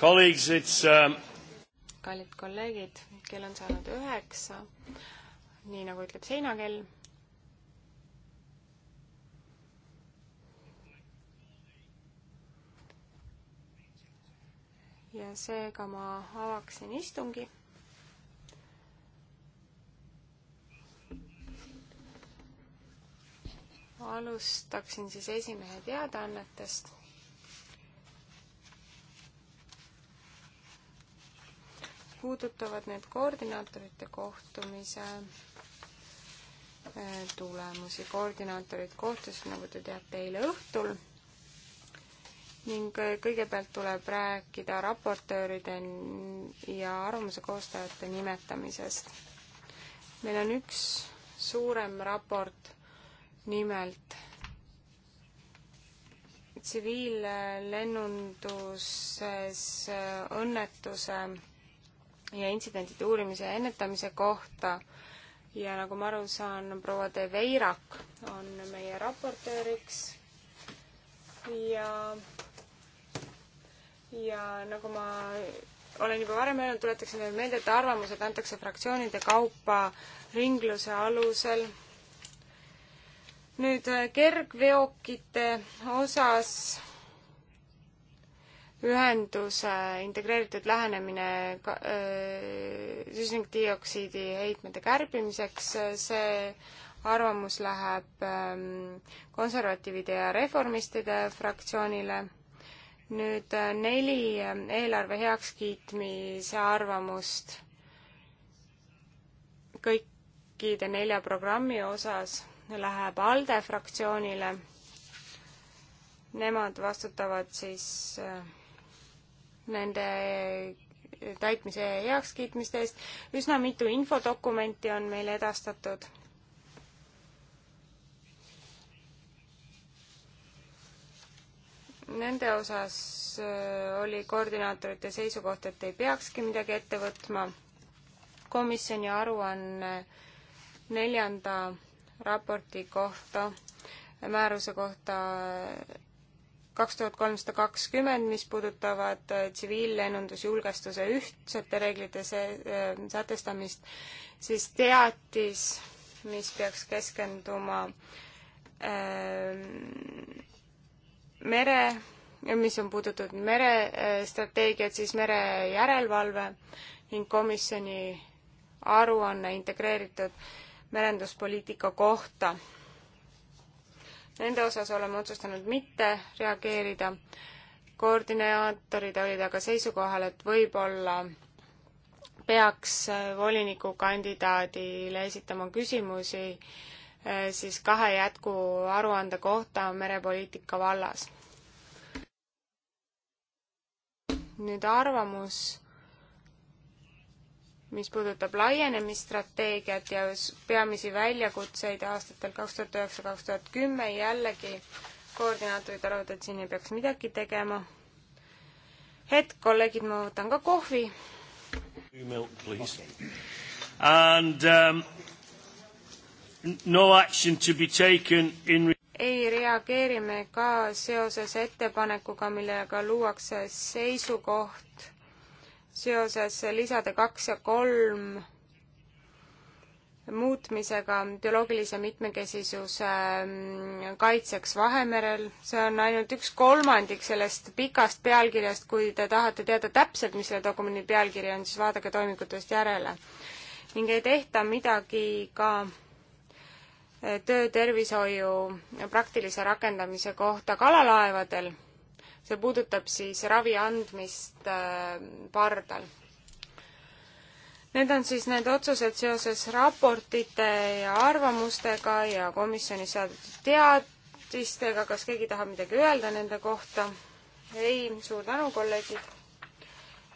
Colleagues, it's um... kallid kolleegid, kell on saanud üheksa, nii nagu ütleb seinakell. ja seega ma avaksin istungi alustaksin siis esimehe teadaannetest. puudutavad need koordinaatorite kohtumise eh, tulemusi. koordinaatorid kohtusid, nagu te teate, eile õhtul ning eh, kõigepealt tuleb rääkida raportööride ja arvamuse koostajate nimetamisest. meil on üks suurem raport, nimelt tsiviillennunduses eh, õnnetuse ja intsidentide uurimise ja ennetamise kohta ja nagu ma aru saan, proua De Veirak on meie raportööriks ja, ja nagu ma olen juba varem öelnud, tuletaksin veel meelde, et arvamused antakse fraktsioonide kaupa ringluse alusel. nüüd kergveokite osas ühenduse integreeritud lähenemine süsinikdioksiidi heitmete kärbimiseks, see arvamus läheb konservatiivide ja reformistide fraktsioonile. nüüd neli eelarve heakskiitmise arvamust kõikide nelja programmi osas läheb ALDE fraktsioonile. Nemad vastutavad siis äh, nende täitmise heakskiitmiste eest. üsna mitu infodokumenti on meile edastatud. Nende osas äh, oli koordinaatorite seisukoht, et ei peakski midagi ette võtma. komisjoni aruanne neljanda raporti kohta, määruse kohta kaks tuhat kolmsada kakskümmend, mis puudutavad äh, tsiviillennundusjulgestuse ühtsete reeglite äh, sätestamist, siis teatis, mis peaks keskenduma äh, mere, mis on puudutatud merestrateegiat, siis merejärelevalve ning komisjoni aruanne integreeritud merenduspoliitika kohta Nende osas oleme otsustanud mitte reageerida. koordinaatorid olid aga seisukohal, et võib-olla peaks äh, volinikukandidaadile esitama küsimusi äh, siis kahe jätkuaruande kohta merepoliitika vallas. nüüd arvamus mis puudutab laienemisstrateegiat ja peamisi väljakutseid aastatel kaks tuhat üheksa, kaks tuhat kümme, jällegi koordinaatorid arvavad, et siin ei peaks midagi tegema. hetk, kolleegid, ma võtan ka kohvi. Milk, please. And um, no action to be taken in ei reageeri me ka seoses ettepanekuga, millega luuakse seisukoht seoses lisade kaks ja kolm muutmisega bioloogilise mitmekesisuse mm, kaitseks Vahemerel. see on ainult üks kolmandik sellest pikast pealkirjast, kui te tahate teada täpselt, mis selle dokumendi pealkiri on, siis vaadake toimikutest järele. ning ei tehta midagi ka eh, töötervishoiu praktilise rakendamise kohta kalalaevadel see puudutab siis ravi andmist äh, pardal. Need on siis need otsused seoses raportite ja arvamustega ja komisjoni saadetud teadistega, kas keegi tahab midagi öelda nende kohta? ei, suur tänu, kolleegid.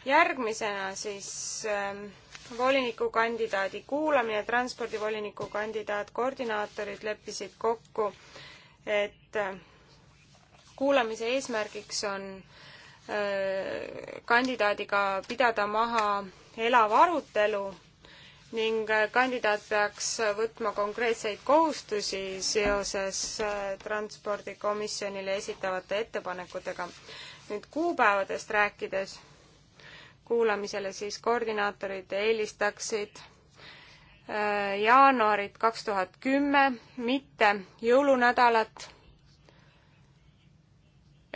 järgmisena siis äh, volinikukandidaadi kuulamine, transpordivoliniku kandidaat, koordinaatorid leppisid kokku, et äh, kuulamise eesmärgiks on kandidaadiga pidada maha elav arutelu ning kandidaat peaks võtma konkreetseid kohustusi seoses transpordikomisjonile esitavate ettepanekutega. nüüd kuupäevadest rääkides, kuulamisele siis koordinaatorid eelistaksid jaanuarit kaks tuhat kümme, mitte jõulunädalat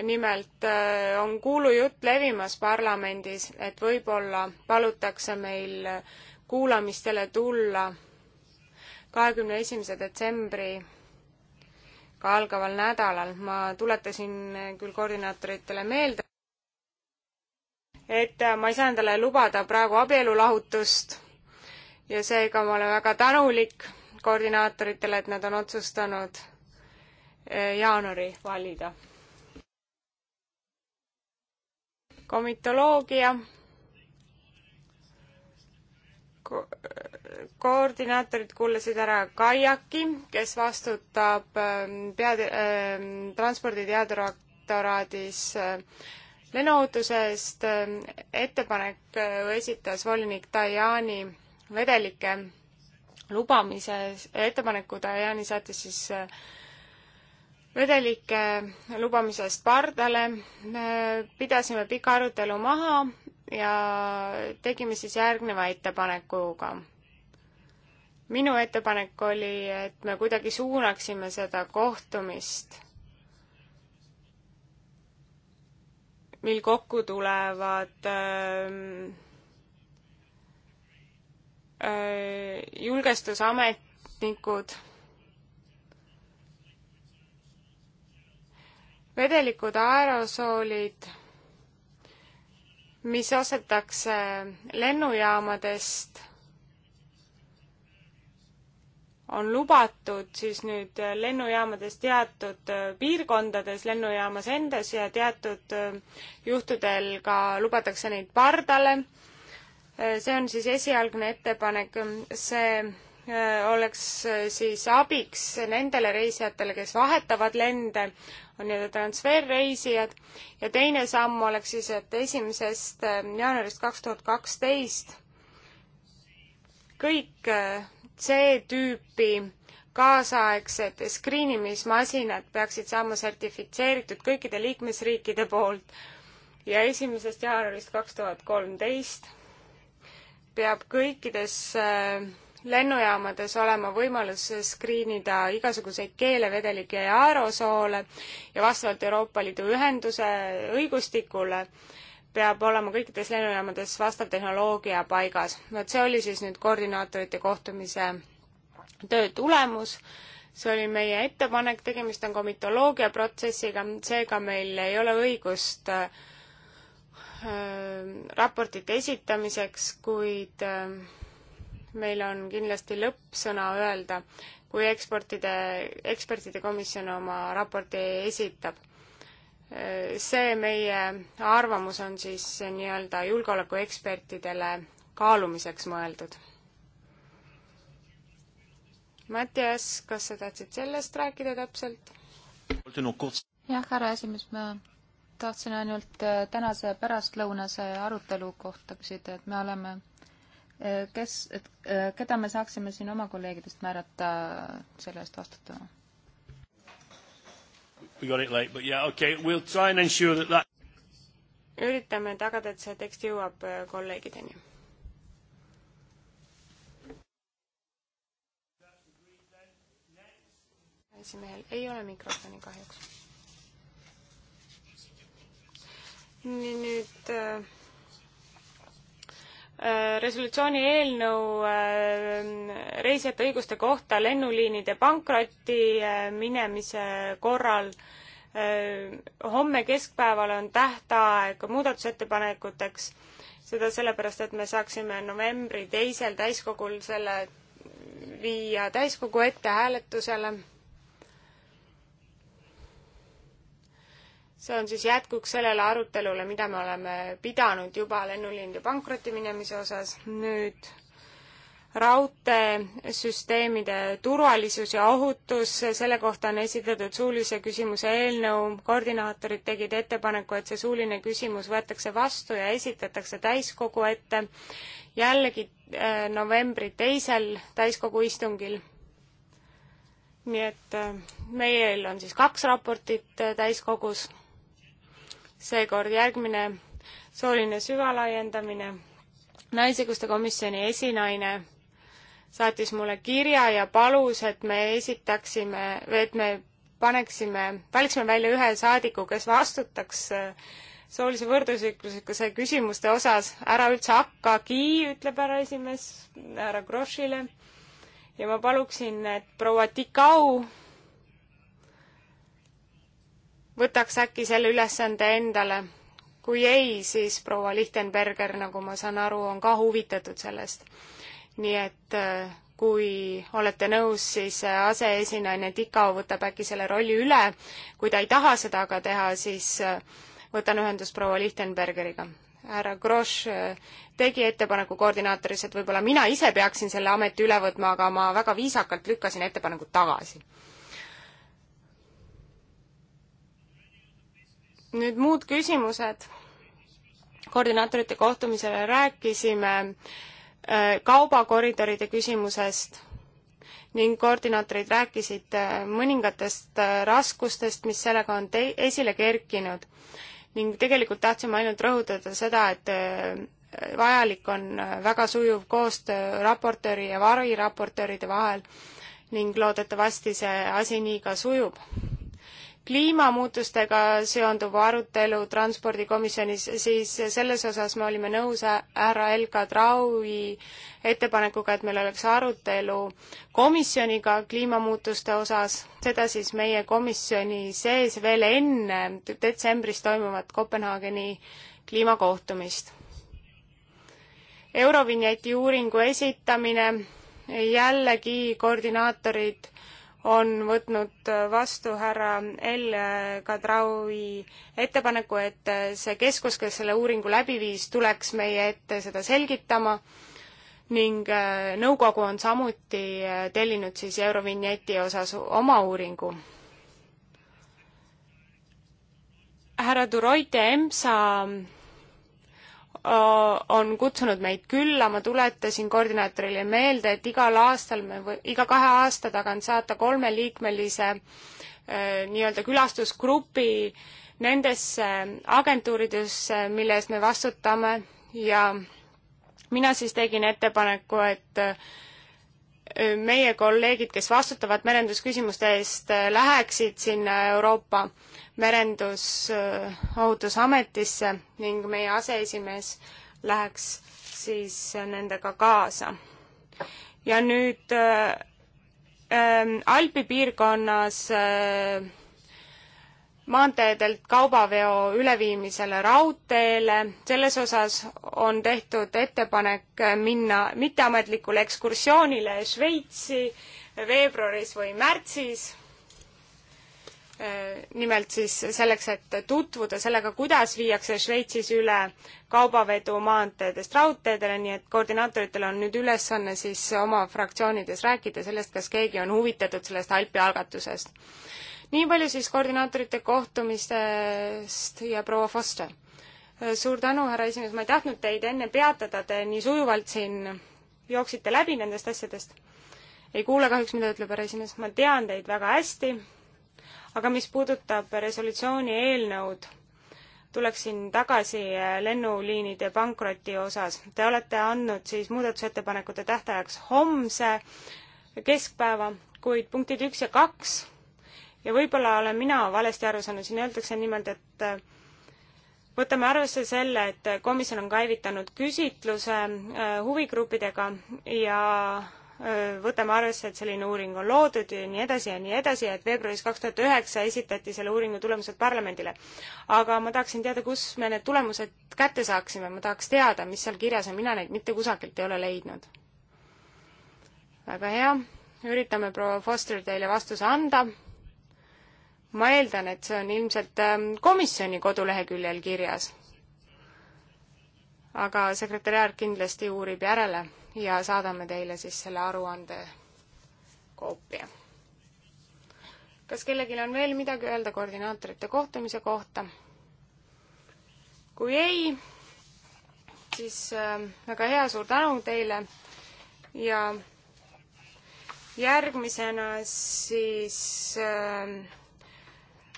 nimelt äh, on kuulujutt levimas parlamendis, et võib-olla palutakse meil kuulamistele tulla kahekümne esimese detsembri ka algaval nädalal. ma tuletasin küll koordinaatoritele meelde, et ma ei saa endale lubada praegu abielulahutust ja seega ma olen väga tänulik koordinaatoritele, et nad on otsustanud äh, jaanuari valida komitoloogia ko, koordinaatorid kuulasid ära Kaiaki, kes vastutab ähm, pead- ähm, äh,, transporditeaduraatoraadis ähm, äh, lennuohutuse eest äh,. ettepanek esitas volinik Dajani vedelike lubamise ettepaneku, Dajani saatis siis äh, vedelike lubamisest pardale, pidasime pika arutelu maha ja tegime siis järgneva ettepanekuga. minu ettepanek oli, et me kuidagi suunaksime seda kohtumist, mil kokku tulevad öö, ähm, öö, äh, julgestusametnikud vedelikud aerosoolid, mis ostetakse lennujaamadest, on lubatud siis nüüd lennujaamades teatud piirkondades, lennujaamas endas ja teatud juhtudel ka lubatakse neid pardale. see on siis esialgne ettepanek, see Äh, oleks äh, siis abiks nendele reisijatele, kes vahetavad lende, on nii-öelda transferreisijad, ja teine samm oleks siis, et esimesest äh, jaanuarist kaks tuhat kaksteist kõik C-tüüpi kaasaegsed skriinimismasinad peaksid saama sertifitseeritud kõikide liikmesriikide poolt ja esimesest jaanuarist kaks tuhat kolmteist peab kõikides äh, lennujaamades olema võimalus skriinida igasuguseid keelevedelikke ja aerosoole ja vastavalt Euroopa Liidu ühenduse õigustikule peab olema kõikides lennujaamades vastav tehnoloogia paigas. vot see oli siis nüüd koordinaatorite kohtumise töö tulemus, see oli meie ettepanek, tegemist on komitoloogia protsessiga, seega meil ei ole õigust äh, raportite esitamiseks, kuid äh, meil on kindlasti lõppsõna öelda, kui eksportide, ekspertide komisjon oma raporti esitab. see meie arvamus on siis nii-öelda julgeolekuekspertidele kaalumiseks mõeldud. Mattias, kas sa tahtsid sellest rääkida täpselt? jah, härra esimees, ma tahtsin ainult tänase pärastlõunase arutelu kohta küsida, et me oleme Eh, kes, et eh, keda me saaksime siin oma kolleegidest määrata eh, selle eest vastutama? Yeah, okay. we'll that that... üritame tagada, et see tekst jõuab kolleegideni. esimehel ei ole mikrofoni kahjuks. nii nüüd äh Äh, resolutsiooni eelnõu äh, reisijate õiguste kohta lennuliinide pankrotti äh, minemise korral. homme keskpäeval on tähtaeg muudatusettepanekuteks, seda sellepärast, et me saaksime novembri teisel täiskogul selle viia täiskogu ette hääletusele see on siis jätkuks sellele arutelule, mida me oleme pidanud juba lennuliinide pankrotti minemise osas, nüüd raudteesüsteemide turvalisus ja ohutus, selle kohta on esitatud suulise küsimuse eelnõu, koordinaatorid tegid ettepaneku, et see suuline küsimus võetakse vastu ja esitatakse täiskogu ette jällegi äh, novembri teisel täiskogu istungil nii et äh, meil on siis kaks raportit äh, täiskogus seekord järgmine sooline süvalaiendamine. naisõiguste komisjoni esinaine saatis mulle kirja ja palus, et me esitaksime, et me paneksime, valiksime välja ühe saadiku, kes vastutaks äh, soolise võrdusõiguslikkuse küsimuste osas, ära üldse hakkagi, ütleb härra esimees härra Grossile. ja ma paluksin, et proua Tikau võtaks äkki selle ülesande endale. kui ei, siis proua Lichtenberger, nagu ma saan aru, on ka huvitatud sellest. nii et äh, kui olete nõus, siis äh, aseesinaine Tikao võtab äkki selle rolli üle. kui ta ei taha seda aga teha, siis äh, võtan ühendust proua Lichtenbergeriga. härra Grosch tegi ettepaneku koordinaatoris, et võib-olla mina ise peaksin selle ameti üle võtma, aga ma väga viisakalt lükkasin ettepaneku tagasi nüüd muud küsimused. koordinaatorite kohtumisel rääkisime äh, kaubakoridoride küsimusest ning koordinaatorid rääkisid äh, mõningatest äh, raskustest, mis sellega on te-, esile kerkinud. ning tegelikult tahtsime ainult rõhutada seda, et vajalik on väga sujuv koostöö raportööri ja variraportööride vahel ning loodetavasti see asi nii ka sujub kliimamuutustega seonduv arutelu transpordikomisjonis, siis selles osas me olime nõus härra Elka Traui ettepanekuga, et meil oleks arutelu komisjoniga kliimamuutuste osas, seda siis meie komisjoni sees veel enne detsembris toimuvat Kopenhaageni kliimakohtumist. Eurovinjeti uuringu esitamine, jällegi koordinaatorid on võtnud vastu härra El Kadraui ettepaneku, et see keskus, kes selle uuringu läbi viis, tuleks meie ette seda selgitama ning äh, nõukogu on samuti äh, tellinud siis Eurovinjeti osas oma uuringu. härra Duroite EMSA Äh, on kutsunud meid külla, ma tuletasin koordinaatorile meelde, et igal aastal me või iga kahe aasta tagant saata kolmeliikmelise äh, nii-öelda külastusgrupi nendesse agentuuridesse, mille eest me vastutame ja mina siis tegin ettepaneku, et äh, meie kolleegid, kes vastutavad merendusküsimuste eest, läheksid sinna Euroopa äh, merendusohutusametisse äh, ning meie aseesimees läheks siis nendega kaasa. ja nüüd äh, ähm, Alpi piirkonnas äh, maanteedelt kaubaveo üleviimisele raudteele, selles osas on tehtud ettepanek äh, minna mitteametlikule ekskursioonile Šveitsi veebruaris või märtsis Äh, nimelt siis selleks, et tutvuda sellega, kuidas viiakse Šveitsis üle kaubavedu maanteedest raudteedele, nii et koordinaatoritel on nüüd ülesanne siis oma fraktsioonides rääkida sellest, kas keegi on huvitatud sellest Alpi algatusest. nii palju siis koordinaatorite kohtumistest ja proua Foster. Äh, suur tänu, härra esimees, ma ei tahtnud teid enne peatada, te nii sujuvalt siin jooksite läbi nendest asjadest. ei kuule kahjuks, mida ütleb härra esimees, ma tean teid väga hästi aga mis puudutab resolutsiooni eelnõud, tuleksin tagasi lennuliinide pankroti osas. Te olete andnud siis muudatusettepanekute tähtajaks homse keskpäeva, kuid punktid üks ja kaks ja võib-olla olen mina valesti aru saanud, siin öeldakse nimelt, et äh, võtame arvesse selle, et komisjon on käivitanud küsitluse äh, huvigruppidega ja võtame arvesse, et selline uuring on loodud ja nii edasi ja nii edasi, et veebruaris kaks tuhat üheksa esitati selle uuringu tulemused parlamendile. aga ma tahaksin teada, kus me need tulemused kätte saaksime, ma tahaks teada, mis seal kirjas on, mina neid mitte kusagilt ei ole leidnud. väga hea, üritame proua Foster teile vastuse anda. ma eeldan, et see on ilmselt ähm, komisjoni koduleheküljel kirjas. aga sekretäriaat kindlasti uurib järele ja saadame teile siis selle aruande koopia. kas kellelgi on veel midagi öelda koordinaatorite kohtumise kohta? kui ei, siis ähm, väga hea, suur tänu teile ja järgmisena siis äh,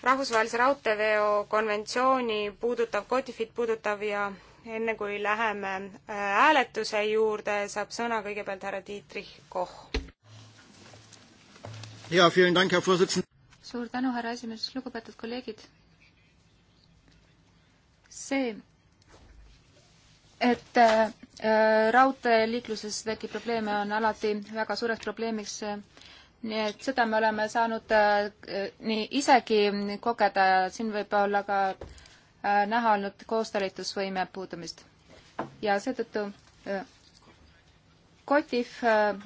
rahvusvahelise raudteeveo konventsiooni puudutav, COTIFit puudutav ja enne kui läheme äh, hääletuse juurde, saab sõna kõigepealt härra Dietrich Koch. suur tänu, härra esimees, lugupeetud kolleegid. see, et äh, äh raudteeliikluses tekib probleeme, on alati väga suureks probleemiks äh, nii et seda me oleme saanud äh, nii isegi kogeda ja siin võib olla ka Äh, näha olnud koostalitusvõime puudumist. ja seetõttu KOTIF äh, äh,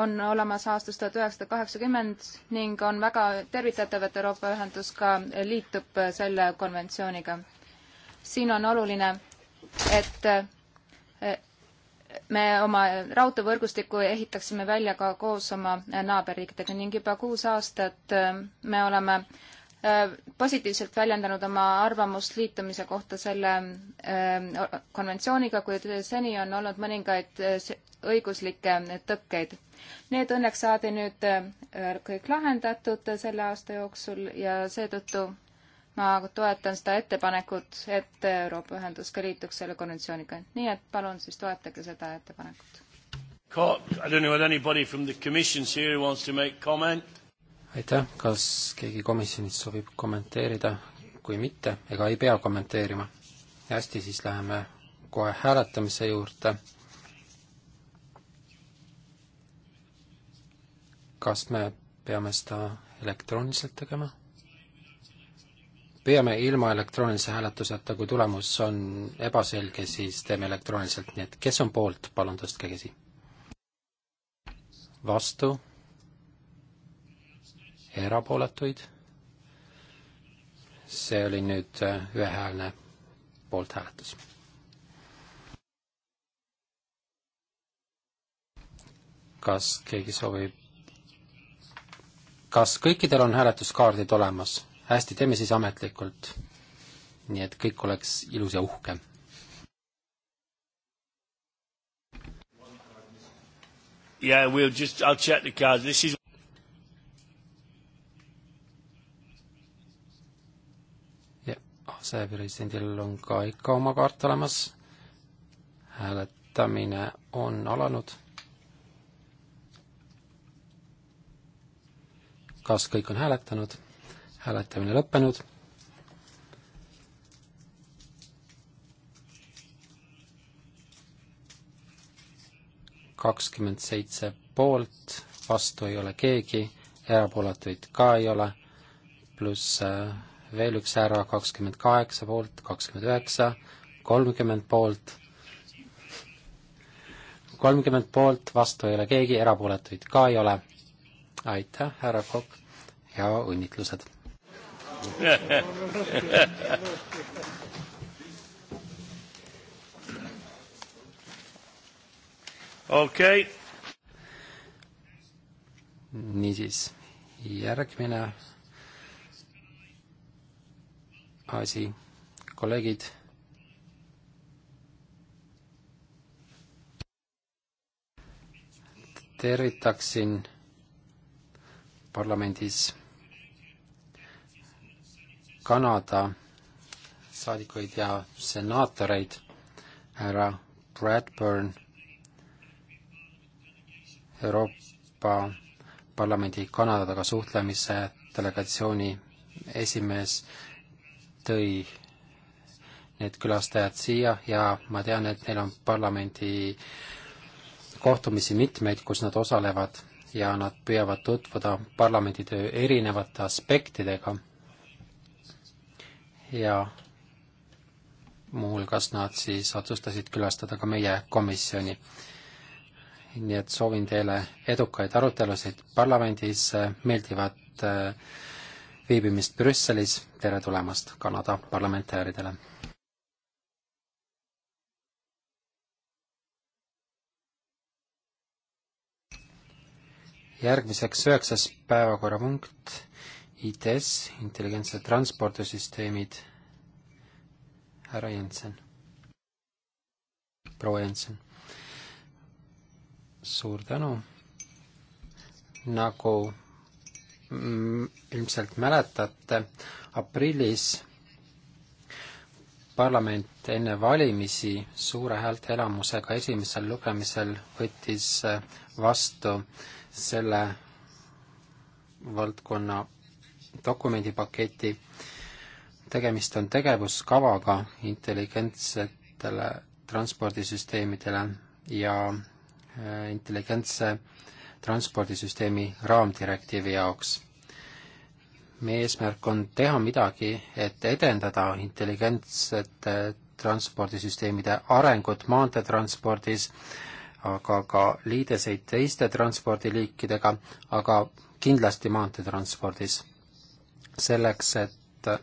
on olemas aastast tuhat üheksasada kaheksakümmend ning on väga tervitatav, et Euroopa Ühendus ka liitub selle konventsiooniga. siin on oluline, et me oma raudteevõrgustiku ehitaksime välja ka koos oma naaberriikidega ning juba kuus aastat me oleme äh, Äh, positiivselt väljendanud oma arvamust liitumise kohta selle äh, konventsiooniga, kuid seni on olnud mõningaid äh, õiguslikke tõkkeid. Need õnneks saadi nüüd kõik lahendatud selle aasta jooksul ja seetõttu ma toetan seda ettepanekut, et Euroopa Ühendus ka liituks selle konventsiooniga. nii et palun siis toetage seda ettepanekut. I don't know whether anybody from the commissions here wants to make comment aitäh, kas keegi komisjonist soovib kommenteerida, kui mitte, ega ei pea kommenteerima? hästi, siis läheme kohe hääletamise juurde. kas me peame seda elektrooniliselt tegema? püüame ilma elektroonilise hääletuseta, kui tulemus on ebaselge, siis teeme elektrooniliselt, nii et kes on poolt, palun tõstke käsi. vastu ja erapooletuid. see oli nüüd äh, ühehäälne poolthääletus. kas keegi soovib, kas kõikidel on hääletuskaardid olemas? hästi, teeme siis ametlikult. nii et kõik oleks ilus ja uhke Yeah, we'll just, I'll check the cards. This is asepresidendil on ka ikka oma kaart olemas. hääletamine on alanud. kas kõik on hääletanud? hääletamine lõppenud. kakskümmend seitse poolt, vastu ei ole keegi, erapooletuid ka ei ole, pluss äh, veel üks ära, kakskümmend kaheksa poolt, kakskümmend üheksa, kolmkümmend poolt, kolmkümmend poolt, vastu ei ole keegi, erapooletuid ka ei ole. aitäh, härra Kokk ja õnnitlused! okei okay.. niisiis, järgmine asi. kolleegid. tervitaksin parlamendis Kanada saadikuid ja senaatoreid, härra Bradburn Euroopa Parlamendi Kanadaga suhtlemise delegatsiooni esimees tõi need külastajad siia ja ma tean, et neil on parlamendi kohtumisi mitmeid, kus nad osalevad ja nad püüavad tutvuda parlamendi töö erinevate aspektidega ja muuhulgas nad siis otsustasid külastada ka meie komisjoni. nii et soovin teile edukaid arutelusid parlamendis, meeldivat äh, viibimist Brüsselis, tere tulemast Kanada parlamentääridele! järgmiseks üheksas päevakorrapunkt, ITS, intelligentsed transpordisüsteemid, härra Jensen, proua Jensen, suur tänu, nagu Mm, ilmselt mäletate, aprillis parlament enne valimisi suure häälteelamusega esimesel lugemisel võttis äh, vastu selle valdkonna dokumendipaketi. tegemist on tegevuskavaga intelligentsetele transpordisüsteemidele ja äh, intelligentse transpordisüsteemi raamdirektiivi jaoks. meie eesmärk on teha midagi, et edendada intelligentsete transpordisüsteemide arengut maanteetranspordis, aga ka liideseid teiste transpordiliikidega, aga kindlasti maanteetranspordis. selleks, et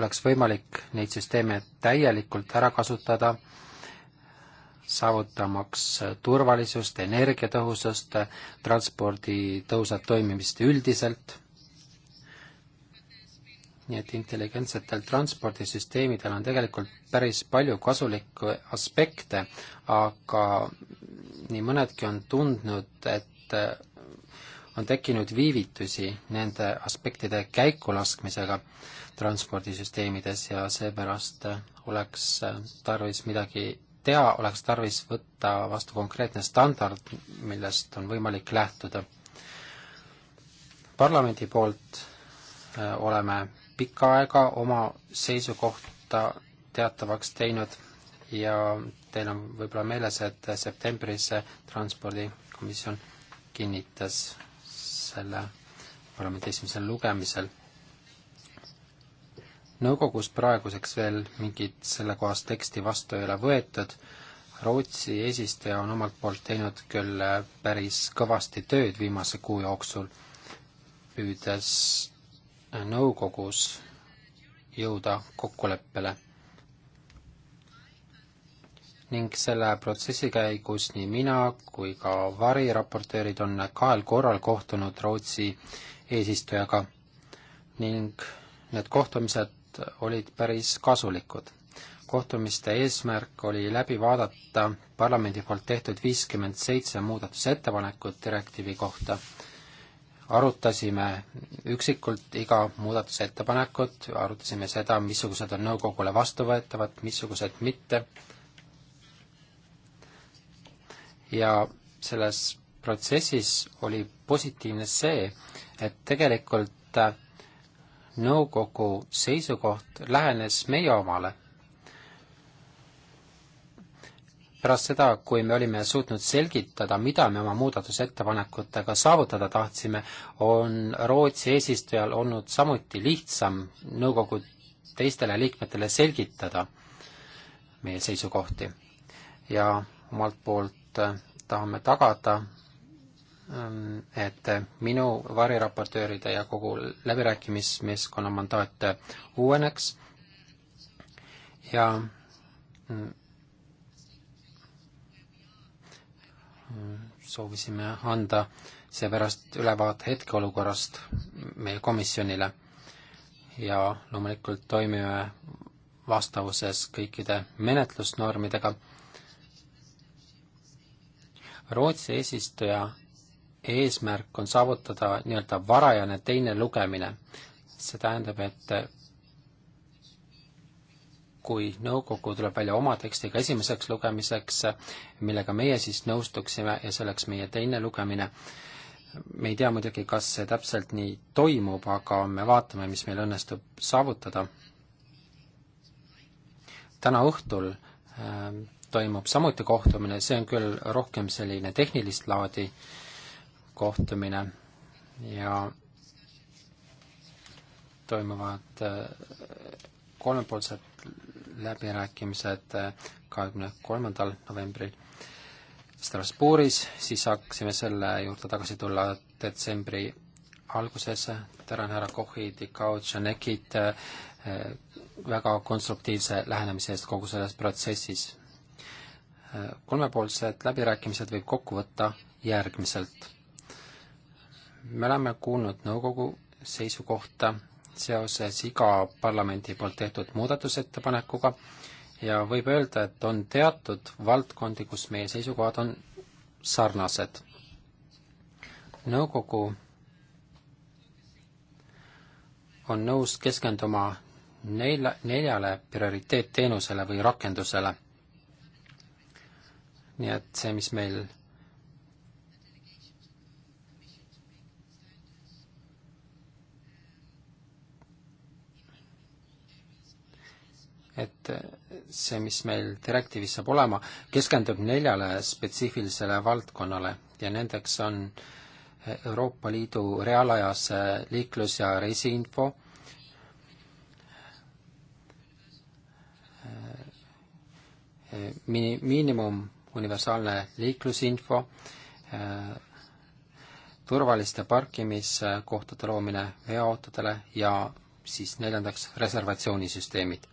oleks võimalik neid süsteeme täielikult ära kasutada, saavutamaks turvalisust, energiatõhusust, transpordi tõhusat toimimist üldiselt. nii et intelligentsetel transpordisüsteemidel on tegelikult päris palju kasulikke aspekte, aga nii mõnedki on tundnud, et on tekkinud viivitusi nende aspektide käikulaskmisega transpordisüsteemides ja seepärast oleks tarvis midagi teha, oleks tarvis võtta vastu konkreetne standard, millest on võimalik lähtuda. parlamendi poolt äh, oleme pikka aega oma seisukohta teatavaks teinud ja teil on võib-olla meeles, et septembris Transpordikomisjon kinnitas selle parlamendi esimesel lugemisel nõukogus praeguseks veel mingit sellekohast teksti vastu ei ole võetud, Rootsi eesistuja on omalt poolt teinud küll päris kõvasti tööd viimase kuu jooksul, püüdes nõukogus jõuda kokkuleppele. ning selle protsessi käigus nii mina kui ka variraportöörid on kahel korral kohtunud Rootsi eesistujaga ning need kohtumised kohtumised olid päris kasulikud. kohtumiste eesmärk oli läbi vaadata parlamendi poolt tehtud viiskümmend seitse muudatusettepanekut direktiivi kohta. arutasime üksikult iga muudatusettepanekut, arutasime seda, missugused on nõukogule vastuvõetavad, missugused mitte, ja selles protsessis oli positiivne see, et tegelikult nõukogu seisukoht lähenes meie omale. pärast seda, kui me olime suutnud selgitada, mida me oma muudatusettepanekutega saavutada tahtsime, on Rootsi eesistujal olnud samuti lihtsam nõukogu teistele liikmetele selgitada meie seisukohti. ja omalt poolt eh, tahame tagada Ähm, et äh, minu variraportööride ja kogu läbirääkimismeeskonna mandaat äh, uueneks ja mm, soovisime anda seepärast ülevaate hetkeolukorrast meie komisjonile ja loomulikult toimime vastavuses kõikide menetlusnormidega. Rootsi eesistuja eesmärk on saavutada nii-öelda varajane teine lugemine. see tähendab, et kui nõukogu tuleb välja oma tekstiga esimeseks lugemiseks, millega meie siis nõustuksime ja see oleks meie teine lugemine, me ei tea muidugi, kas see täpselt nii toimub, aga me vaatame, mis meil õnnestub saavutada. täna õhtul äh, toimub samuti kohtumine, see on küll rohkem selline tehnilist laadi äh, kohtumine ja toimuvad äh, kolmepoolsed läbirääkimised äh, kahekümne kolmandal novembril Strasbourgis, siis saaksime selle juurde tagasi tulla detsembri alguses, tänan härra Kochi, Dikao, Tšanekit äh, väga konstruktiivse lähenemise eest kogu selles protsessis. kolmepoolsed läbirääkimised võib kokku võtta järgmiselt me oleme kuulnud nõukogu seisukohta seoses iga parlamendi poolt tehtud muudatusettepanekuga ja võib öelda, et on teatud valdkondi, kus meie seisukohad on sarnased. nõukogu on nõus keskenduma neile, neljale prioriteetteenusele või rakendusele. nii et see, mis meil et see, mis meil direktiivis saab olema, keskendub neljale spetsiifilisele valdkonnale ja nendeks on Euroopa Liidu reaalajas liiklus- ja reisiinfo, mi-, miinimum universaalne liiklusinfo, turvaliste parkimiskohtade loomine veoautodele ja siis neljandaks reservatsioonisüsteemid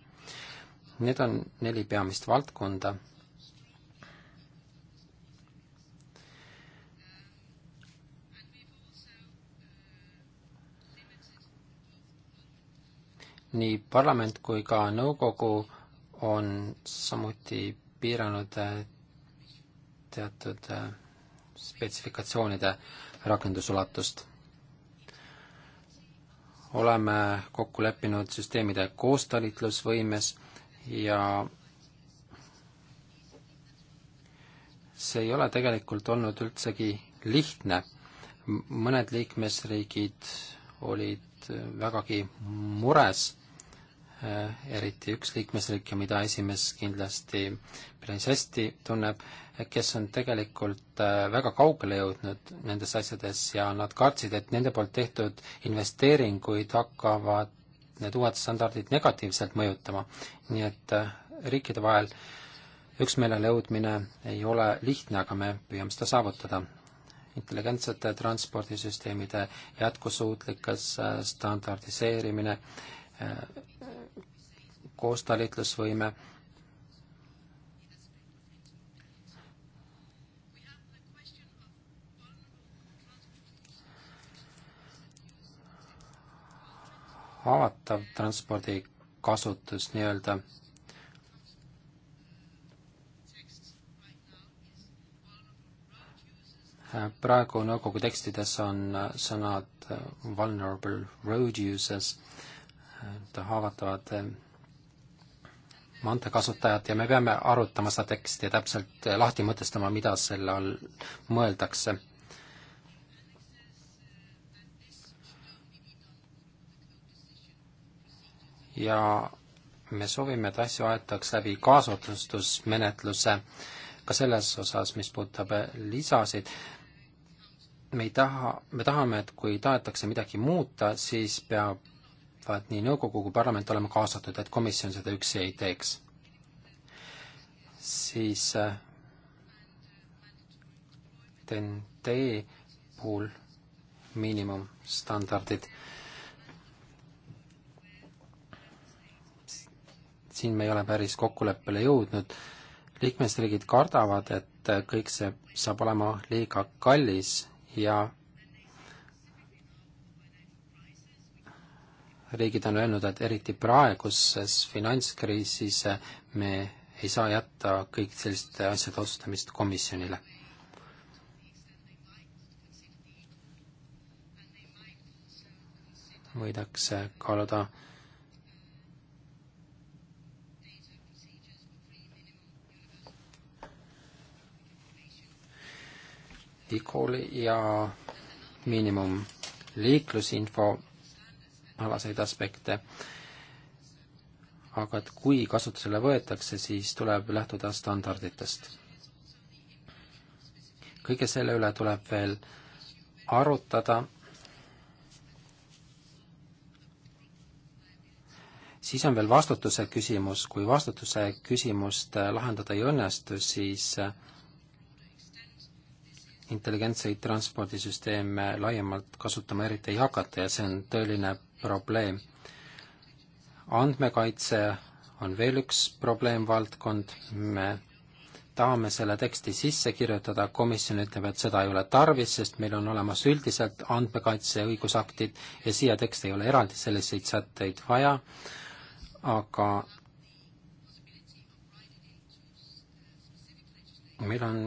Need on neli peamist valdkonda. nii parlament kui ka nõukogu on samuti piiranud äh, teatud äh, spetsifikatsioonide rakendusulatust. oleme kokku leppinud süsteemide koostalitlusvõimes ja see ei ole tegelikult olnud üldsegi lihtne. mõned liikmesriigid olid vägagi mures, eh, eriti üks liikmesriik ja mida esimees kindlasti päris hästi tunneb, eh, kes on tegelikult eh, väga kaugele jõudnud nendes asjades ja nad kartsid, et nende poolt tehtud investeeringuid hakkavad need uued standardid negatiivselt mõjutama, nii et äh, riikide vahel üksmeelele jõudmine ei ole lihtne, aga me püüame seda saavutada. intelligentsete transpordisüsteemide jätkusuutlikkus, äh, standardiseerimine, äh, koostalitlusvõime, haavatav transpordi kasutus nii-öelda. praegu nõukogu tekstides on sõnad vulnerable road users, haavatavad maanteekasutajad ja me peame arutama seda teksti ja täpselt lahti mõtestama, mida selle all mõeldakse ja me soovime, et asju aetaks läbi kaasotsustusmenetluse ka selles osas, mis puudutab lisasid. me ei taha, me tahame, et kui tahetakse midagi muuta, siis peavad nii nõukogu kui parlament olema kaasatud, et komisjon seda üksi ei teeks. siis TNT äh, puhul miinimumstandardid äh, siin me ei ole päris kokkuleppele jõudnud. liikmesriigid kardavad, et kõik see saab olema liiga kallis ja riigid on öelnud, et eriti praeguses finantskriisis me ei saa jätta kõik selliste asjade otsustamist komisjonile. võidakse kaaluda äh, ICOL ja miinimum liiklusinfo alaseid aspekte, aga et kui kasutusele võetakse, siis tuleb lähtuda standarditest. kõige selle üle tuleb veel arutada, siis on veel vastutuse küsimus, kui vastutuse küsimust lahendada ei õnnestu, siis äh, intelligentseid transpordisüsteeme laiemalt kasutama eriti ei hakata ja see on tõeline probleem. andmekaitse on veel üks probleemvaldkond, me tahame selle teksti sisse kirjutada, komisjon ütleb, et seda ei ole tarvis, sest meil on olemas üldiselt andmekaitse õigusaktid ja siia teksti ei ole eraldi selliseid sätteid vaja, aga meil on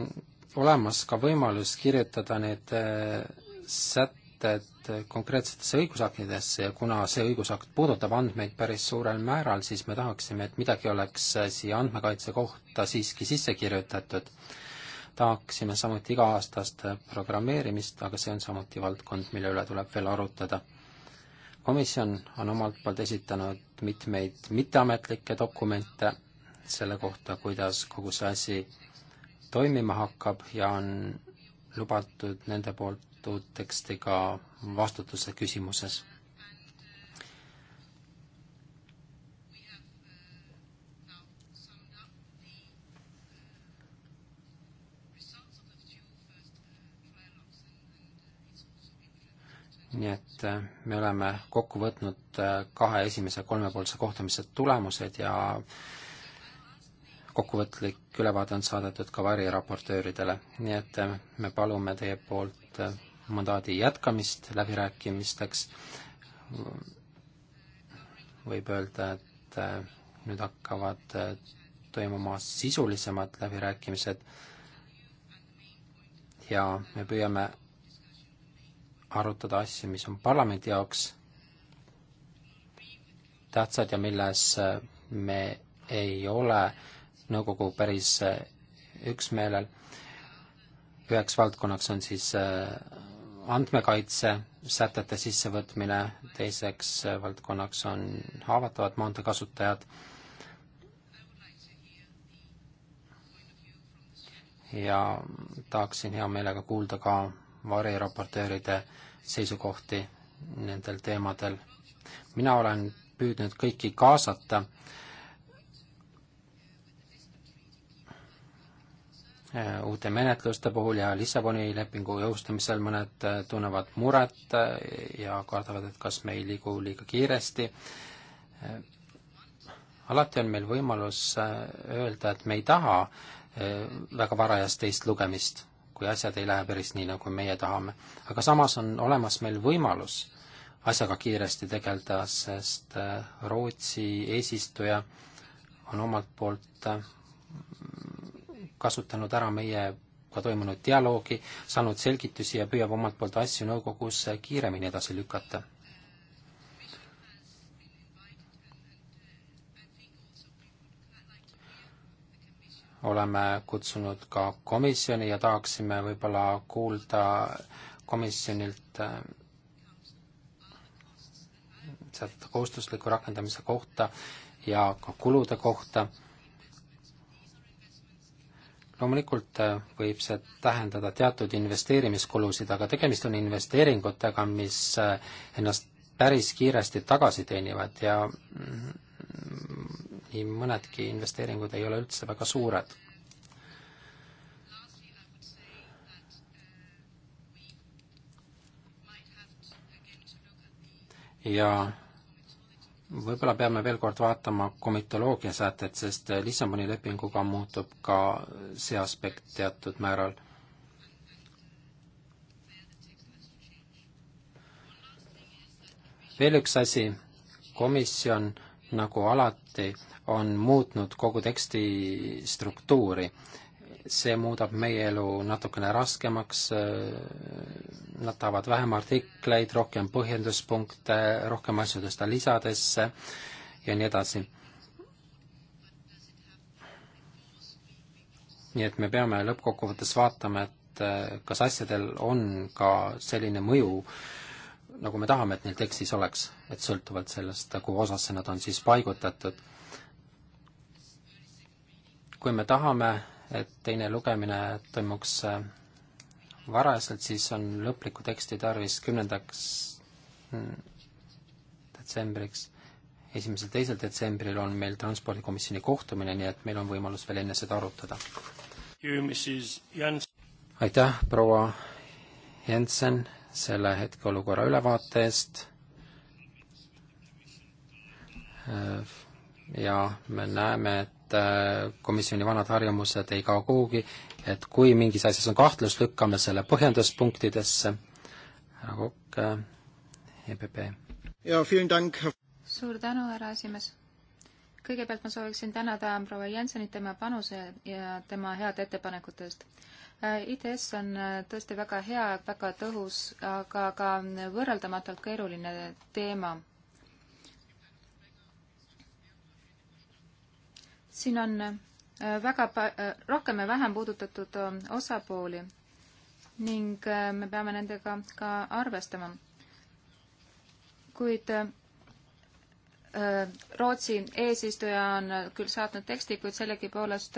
olemas ka võimalus kirjutada need äh, sätted konkreetsetesse õigusaktidesse ja kuna see õigusakt puudutab andmeid päris suurel määral, siis me tahaksime, et midagi oleks äh, siia andmekaitse kohta siiski sisse kirjutatud. tahaksime samuti iga-aastast äh, programmeerimist, aga see on samuti valdkond, mille üle tuleb veel arutada. komisjon on omalt poolt esitanud mitmeid mitteametlikke dokumente selle kohta, kuidas kogu see asi toimima hakkab ja on lubatud nende poolt uut teksti ka vastutuse küsimuses. nii et äh, me oleme kokku võtnud äh, kahe esimese kolmepoolse kohtumise tulemused ja äh, kokkuvõtlik ülevaade on saadetud ka variraportööridele, nii et eh, me palume teie poolt eh, mandaadi jätkamist läbirääkimisteks. võib öelda, et eh, nüüd hakkavad toimuma sisulisemad läbirääkimised ja me püüame arutada asju, mis on parlamendi jaoks tähtsad ja milles me ei ole äh, nõukogu päris äh, üksmeelel. üheks valdkonnaks on siis äh, andmekaitse sätete sissevõtmine, teiseks äh, valdkonnaks on haavatavad maanteekasutajad ja tahaksin hea meelega kuulda ka variraportööride seisukohti nendel teemadel. mina olen püüdnud kõiki kaasata Eh, uute menetluste puhul ja Lissaboni lepingu jõustamisel mõned eh, tunnevad muret eh, ja kardavad, et kas me ei liigu liiga kiiresti. alati on meil võimalus öelda, et me ei taha väga varajast teist lugemist, kui asjad ei lähe päris nii, nagu meie tahame. aga samas on olemas meil võimalus asjaga kiiresti tegeleda, sest Rootsi eesistuja on omalt poolt kasutanud ära meiega toimunud dialoogi, saanud selgitusi ja püüab omalt poolt asju nõukogus kiiremini edasi lükata. oleme kutsunud ka komisjoni ja tahaksime võib-olla kuulda komisjonilt äh, sealt kohustusliku rakendamise kohta ja ka kulude kohta loomulikult äh, võib see tähendada teatud investeerimiskulusid, aga tegemist on investeeringutega, mis äh, ennast päris kiiresti tagasi teenivad ja mm, nii mõnedki investeeringud ei ole üldse väga suured. ja võib-olla peame veel kord vaatama komitoloogia sätet, sest Lissaboni lepinguga muutub ka see aspekt teatud määral. veel üks asi, komisjon nagu alati on muutnud kogu teksti struktuuri see muudab meie elu natukene raskemaks, nad tahavad vähem artikleid, rohkem põhjenduspunkte, rohkem asju tõsta lisadesse ja nii edasi. nii et me peame lõppkokkuvõttes vaatama, et eh, kas asjadel on ka selline mõju, nagu me tahame, et neil tekstis oleks, et sõltuvalt sellest, kuhu osasse nad on siis paigutatud. kui me tahame et teine lugemine toimuks äh, varajaselt, siis on lõplikku teksti tarvis kümnendaks mm, detsembriks, esimesel-teisel detsembril on meil transpordikomisjoni kohtumine, nii et meil on võimalus veel enne seda arutada. aitäh, proua Jensen, selle hetkeolukorra ülevaate eest äh, ja me näeme, et et äh, komisjoni vanad harjumused ei kao kuhugi, et kui mingis asjas on kahtlus, lükkame selle põhjenduspunktidesse, härra Kokk, EPP. suur tänu, härra esimees! kõigepealt ma sooviksin tänada proua Jensenit tema panuse ja tema heade ettepanekute eest äh, ITS on äh, tõesti väga hea, väga tõhus, aga ka võrreldamatult keeruline teema. siin on äh, väga äh, rohkem ja vähem puudutatud äh, osapooli ning me peame nendega ka arvestama. kuid Rootsi eesistuja on küll saatnud teksti, kuid sellegipoolest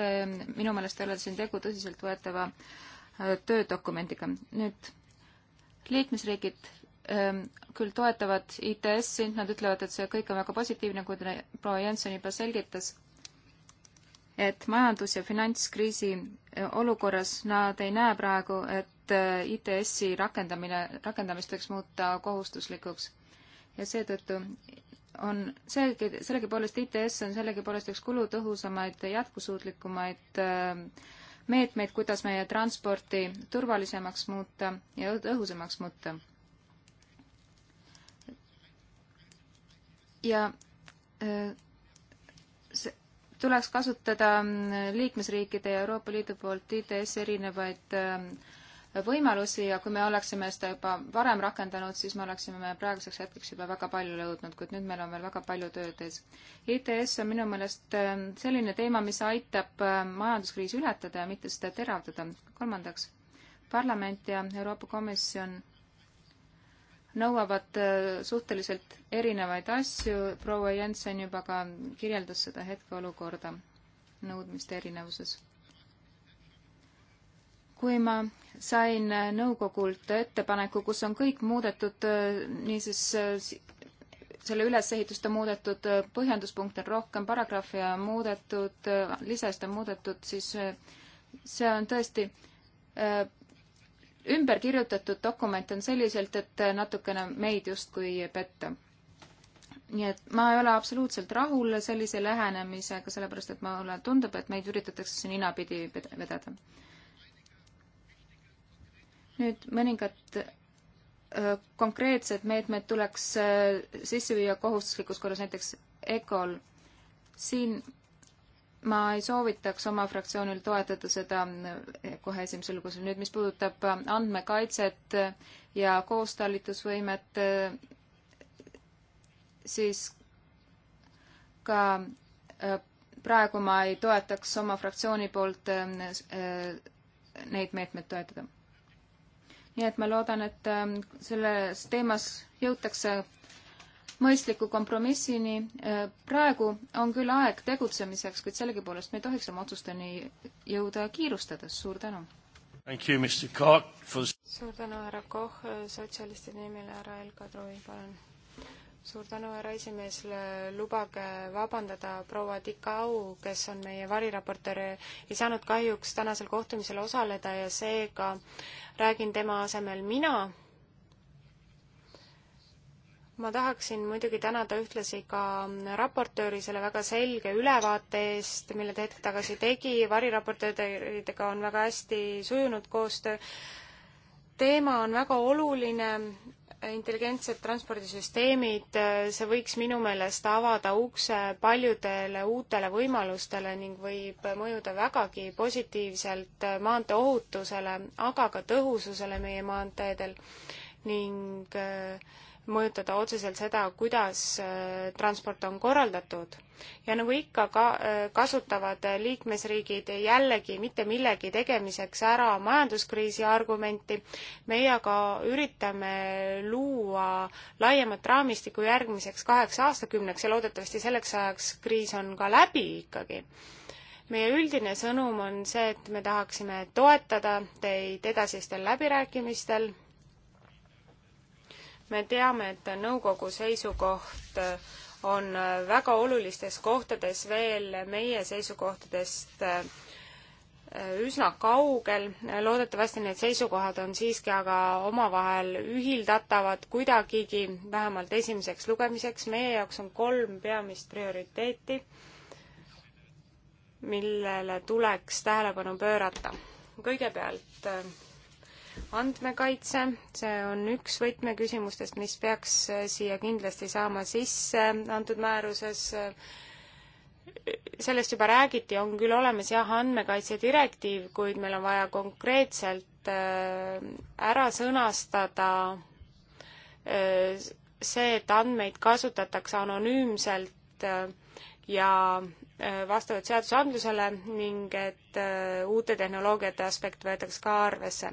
minu meelest ei ole siin tegu tõsiseltvõetava töödokumendiga. nüüd liikmesriigid ähm, küll toetavad ITS-i, nad ütlevad, et see kõik on väga positiivne, kui proua Jensen juba selgitas et majandus- ja finantskriisi e, olukorras nad ei näe praegu, et e, ITS-i rakendamine, rakendamist võiks muuta kohustuslikuks. ja seetõttu on selge, sellegipoolest ITS on sellegipoolest üks kulutõhusamaid, jätkusuutlikumaid e, meetmeid, kuidas meie transporti turvalisemaks muuta ja tõhusamaks muuta. ja tuleks kasutada mm, liikmesriikide ja Euroopa Liidu poolt ITS erinevaid mm, võimalusi ja kui me oleksime seda juba varem rakendanud, siis me oleksime praeguseks hetkeks juba väga palju jõudnud, kuid nüüd meil on veel väga palju tööd ees. ITS on minu meelest mm, selline teema, mis aitab majanduskriisi ületada ja mitte seda teravdada. kolmandaks, parlament ja Euroopa Komisjon nõuavad äh, suhteliselt erinevaid asju, proua Jensen juba ka kirjeldas seda hetkeolukorda nõudmiste erinevuses. kui ma sain nõukogult ettepaneku, kus on kõik muudetud, äh, niisiis äh, selle ülesehitust on muudetud, põhjenduspunkte on rohkem, paragrahve on muudetud, lisast on muudetud, siis see on tõesti ümber kirjutatud dokument on selliselt, et natukene meid justkui petta. nii et ma ei ole absoluutselt rahul sellise lähenemisega, sellepärast et mulle tundub, et meid üritatakse siin ninapidi vedada. nüüd mõningad äh, konkreetsed meetmed tuleks äh, sisse viia kohustuslikus korras, näiteks EGOL. siin ma ei soovitaks oma fraktsioonil toetada seda eh, kohe esimesel lugesel. nüüd, mis puudutab äh, andmekaitset äh, ja koostalitusvõimet, äh, siis ka praegu ma ei toetaks oma fraktsiooni poolt neid meetmeid toetada. nii et ma loodan, et selles teemas jõutakse mõistliku kompromissini. Äh, praegu on küll aeg tegutsemiseks, kuid sellegipoolest me ei tohiks oma otsusteni jõuda kiirustades. suur tänu! For... suur tänu, härra Koch, äh, sotsialistide nimel härra Elka Troi, palun! suur tänu, härra esimees, lubage vabandada proua Tikau, kes on meie variraportöör, ei saanud kahjuks tänasel kohtumisel osaleda ja seega räägin tema asemel mina ma tahaksin muidugi tänada ühtlasi ka raportööri selle väga selge ülevaate eest, mille ta hetk tagasi tegi, variraportööridega on väga hästi sujunud koostöö. teema on väga oluline, intelligentsed transpordisüsteemid, see võiks minu meelest avada ukse paljudele uutele võimalustele ning võib mõjuda vägagi positiivselt maantee ohutusele, aga ka tõhususele meie maanteedel ning äh, mõjutada otseselt seda, kuidas äh, transport on korraldatud. ja nagu ikka, ka-, äh, kasutavad liikmesriigid jällegi mitte millegi tegemiseks ära majanduskriisi argumenti, meie aga üritame luua laiemat raamistikku järgmiseks kaheks aastakümneks ja loodetavasti selleks ajaks kriis on ka läbi ikkagi meie üldine sõnum on see, et me tahaksime toetada teid edasistel läbirääkimistel me teame, et nõukogu seisukoht on väga olulistes kohtades veel meie seisukohtadest äh, üsna kaugel, loodetavasti need seisukohad on siiski aga omavahel ühildatavad kuidagigi, vähemalt esimeseks lugemiseks. meie jaoks on kolm peamist prioriteeti, millele tuleks tähelepanu pöörata. kõigepealt äh, andmekaitse, see on üks võtmeküsimustest, mis peaks äh, siia kindlasti saama sisse äh, antud määruses. sellest juba räägiti, on küll olemas jah, andmekaitse direktiiv, kuid meil on vaja konkreetselt äh, ära sõnastada see, et andmeid kasutatakse anonüümselt ja vastavalt seadusandlusele ning et äh, uute tehnoloogiate aspekt võetakse ka arvesse.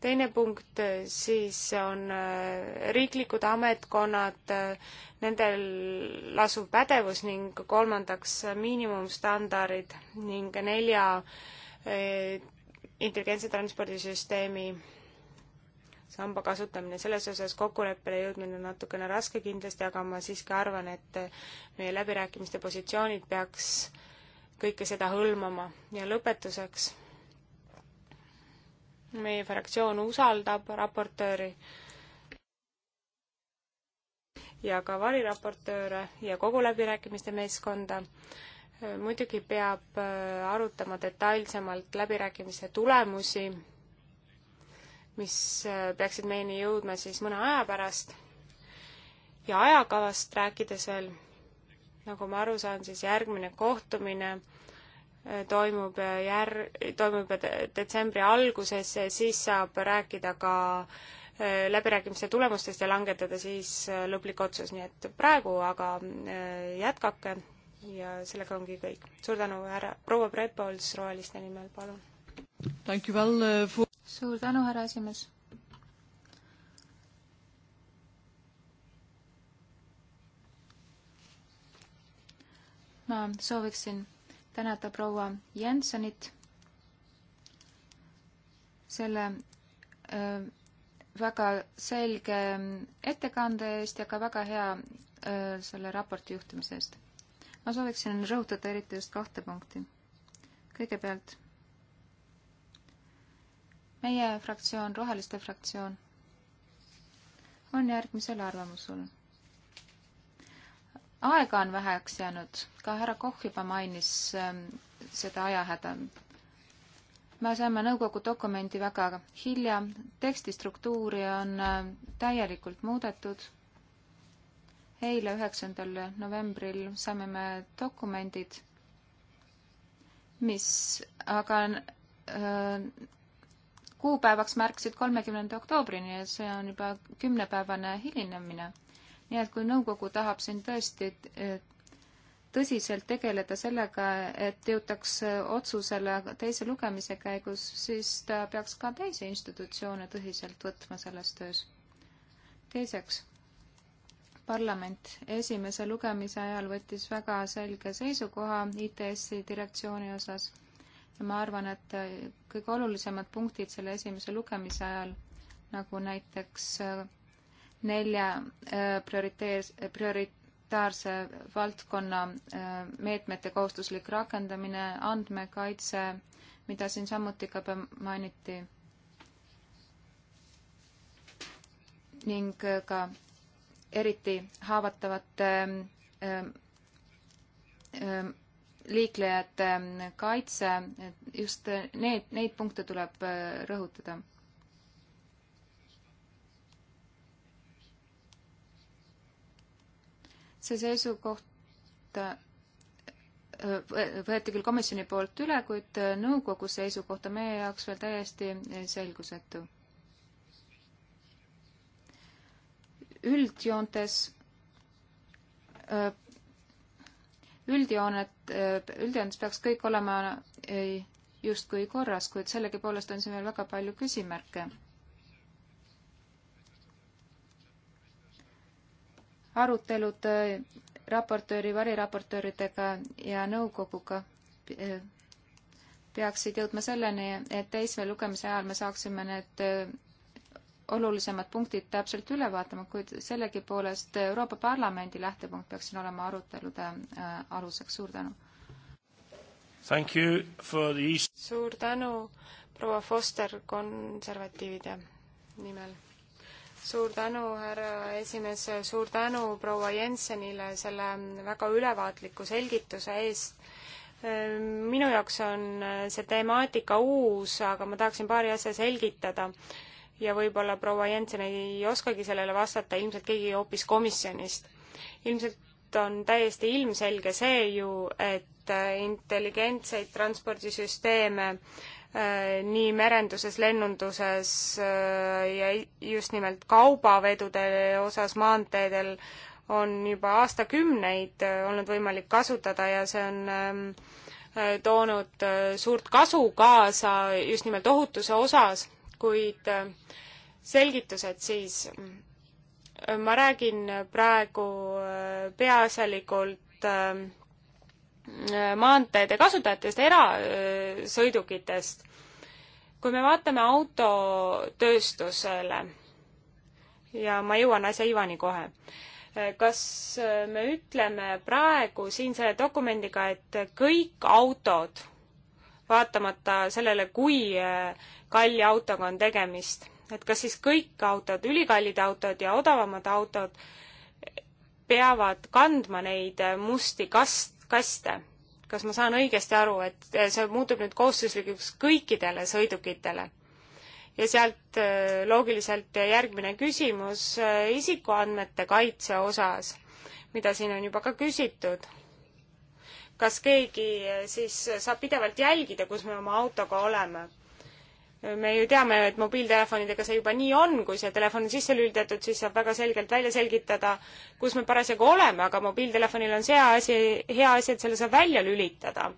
teine punkt äh, siis on äh, riiklikud ametkonnad, nendel lasuv pädevus ning kolmandaks miinimumstandardid ning nelja intelligentse transpordisüsteemi samba kasutamine, selles osas kokkuleppele jõudmine on natukene raske kindlasti, aga ma siiski arvan, et meie läbirääkimiste positsioonid peaks kõike seda hõlmama ja lõpetuseks meie fraktsioon usaldab raportööri ja ka variraportööre ja kogu läbirääkimiste meeskonda. muidugi peab arutama detailsemalt läbirääkimiste tulemusi mis äh, peaksid meieni jõudma siis mõne aja pärast. ja ajakavast rääkides veel, nagu ma aru saan, siis järgmine kohtumine äh, toimub äh, jär-, toimub detsembri alguses, siis saab rääkida ka läbirääkimiste tulemustest ja langetada siis lõplik otsus, nii et praegu aga jätkake ja sellega ongi kõik. suur tänu, härra, proua Brepols Roheliste nimel, palun! suur tänu, härra esimees. ma sooviksin tänada proua Jensenit selle öö, väga selge ettekande eest ja ka väga hea öö, selle raporti juhtimise eest. ma sooviksin rõhutada eriti just kahte punkti. kõigepealt meie fraktsioon, Roheliste fraktsioon, on järgmisel arvamusel. aega on väheks jäänud, ka härra Koch juba mainis ähm, seda ajahäda. me saime nõukogu dokumendi väga hilja, teksti struktuuri on ähm, täielikult muudetud. eile, üheksandal novembril saime me dokumendid, mis aga äh, kuupäevaks märkisid kolmekümnenda oktoobrini ja see on juba kümnepäevane hilinemine. nii et kui nõukogu tahab siin tõesti tõsiselt tegeleda sellega, et jõutaks otsusele teise lugemise käigus, siis ta peaks ka teisi institutsioone tõsiselt võtma selles töös. teiseks, parlament esimese lugemise ajal võttis väga selge seisukoha ITS-i direktsiooni osas ja ma arvan, et äh, kõige olulisemad punktid selle esimese lugemise ajal, nagu näiteks äh, nelja äh, prioriteer-, prioritaarse valdkonna meetmete kohustuslik rakendamine, andmekaitse, mida siin samuti ka mainiti, ning ka eriti haavatavate ähm, ähm, liiklejate ähm, kaitse, just äh, need, neid punkte tuleb äh, rõhutada. see seisukoht äh, võeti küll komisjoni poolt üle, kuid nõukogu seisukoht on meie jaoks veel täiesti selgusetu. üldjoontes üldjoonet, üldjoones peaks kõik olema justkui korras, kuid sellegipoolest on siin veel väga palju küsimärke. arutelud äh, raportööri, variraportööridega ja nõukoguga äh, peaksid jõudma selleni, et teise lugemise ajal me saaksime need äh, olulisemad punktid täpselt üle vaatama, kuid sellegipoolest Euroopa Parlamendi lähtepunkt peaks siin olema arutelude äh, aluseks, suur tänu. The... suur tänu, proua Foster konservatiivide nimel. suur tänu, härra esimees, suur tänu proua Jensenile selle väga ülevaatliku selgituse eest minu jaoks on see temaatika uus, aga ma tahaksin paari asja selgitada ja võib-olla proua Jensen ei oskagi sellele vastata, ilmselt keegi hoopis komisjonist. ilmselt on täiesti ilmselge see ju, et äh, intelligentseid transpordisüsteeme äh, nii merenduses, lennunduses äh, ja just nimelt kaubavedude osas maanteedel on juba aastakümneid olnud võimalik kasutada ja see on ähm, toonud suurt kasu kaasa just nimelt ohutuse osas kuid äh, selgitused siis. ma räägin praegu äh, peaasjalikult äh, maanteede kasutajatest, erasõidukitest. kui me vaatame autotööstusele ja ma jõuan asja ivani kohe, kas me ütleme praegu siin selle dokumendiga, et kõik autod, vaatamata sellele, kui kalli autoga on tegemist. et kas siis kõik autod, ülikallid autod ja odavamad autod peavad kandma neid musti kast, kaste? kas ma saan õigesti aru, et see muutub nüüd kohustuslikuks kõikidele sõidukitele? ja sealt äh, loogiliselt järgmine küsimus äh, isikuandmete kaitse osas, mida siin on juba ka küsitud. kas keegi äh, siis saab pidevalt jälgida, kus me oma autoga oleme? me ju teame, et mobiiltelefonidega see juba nii on, kui see telefon on sisse lülitatud, siis saab väga selgelt välja selgitada, kus me parasjagu oleme, aga mobiiltelefonil on see asi, hea asi, et selle saab välja lülitada.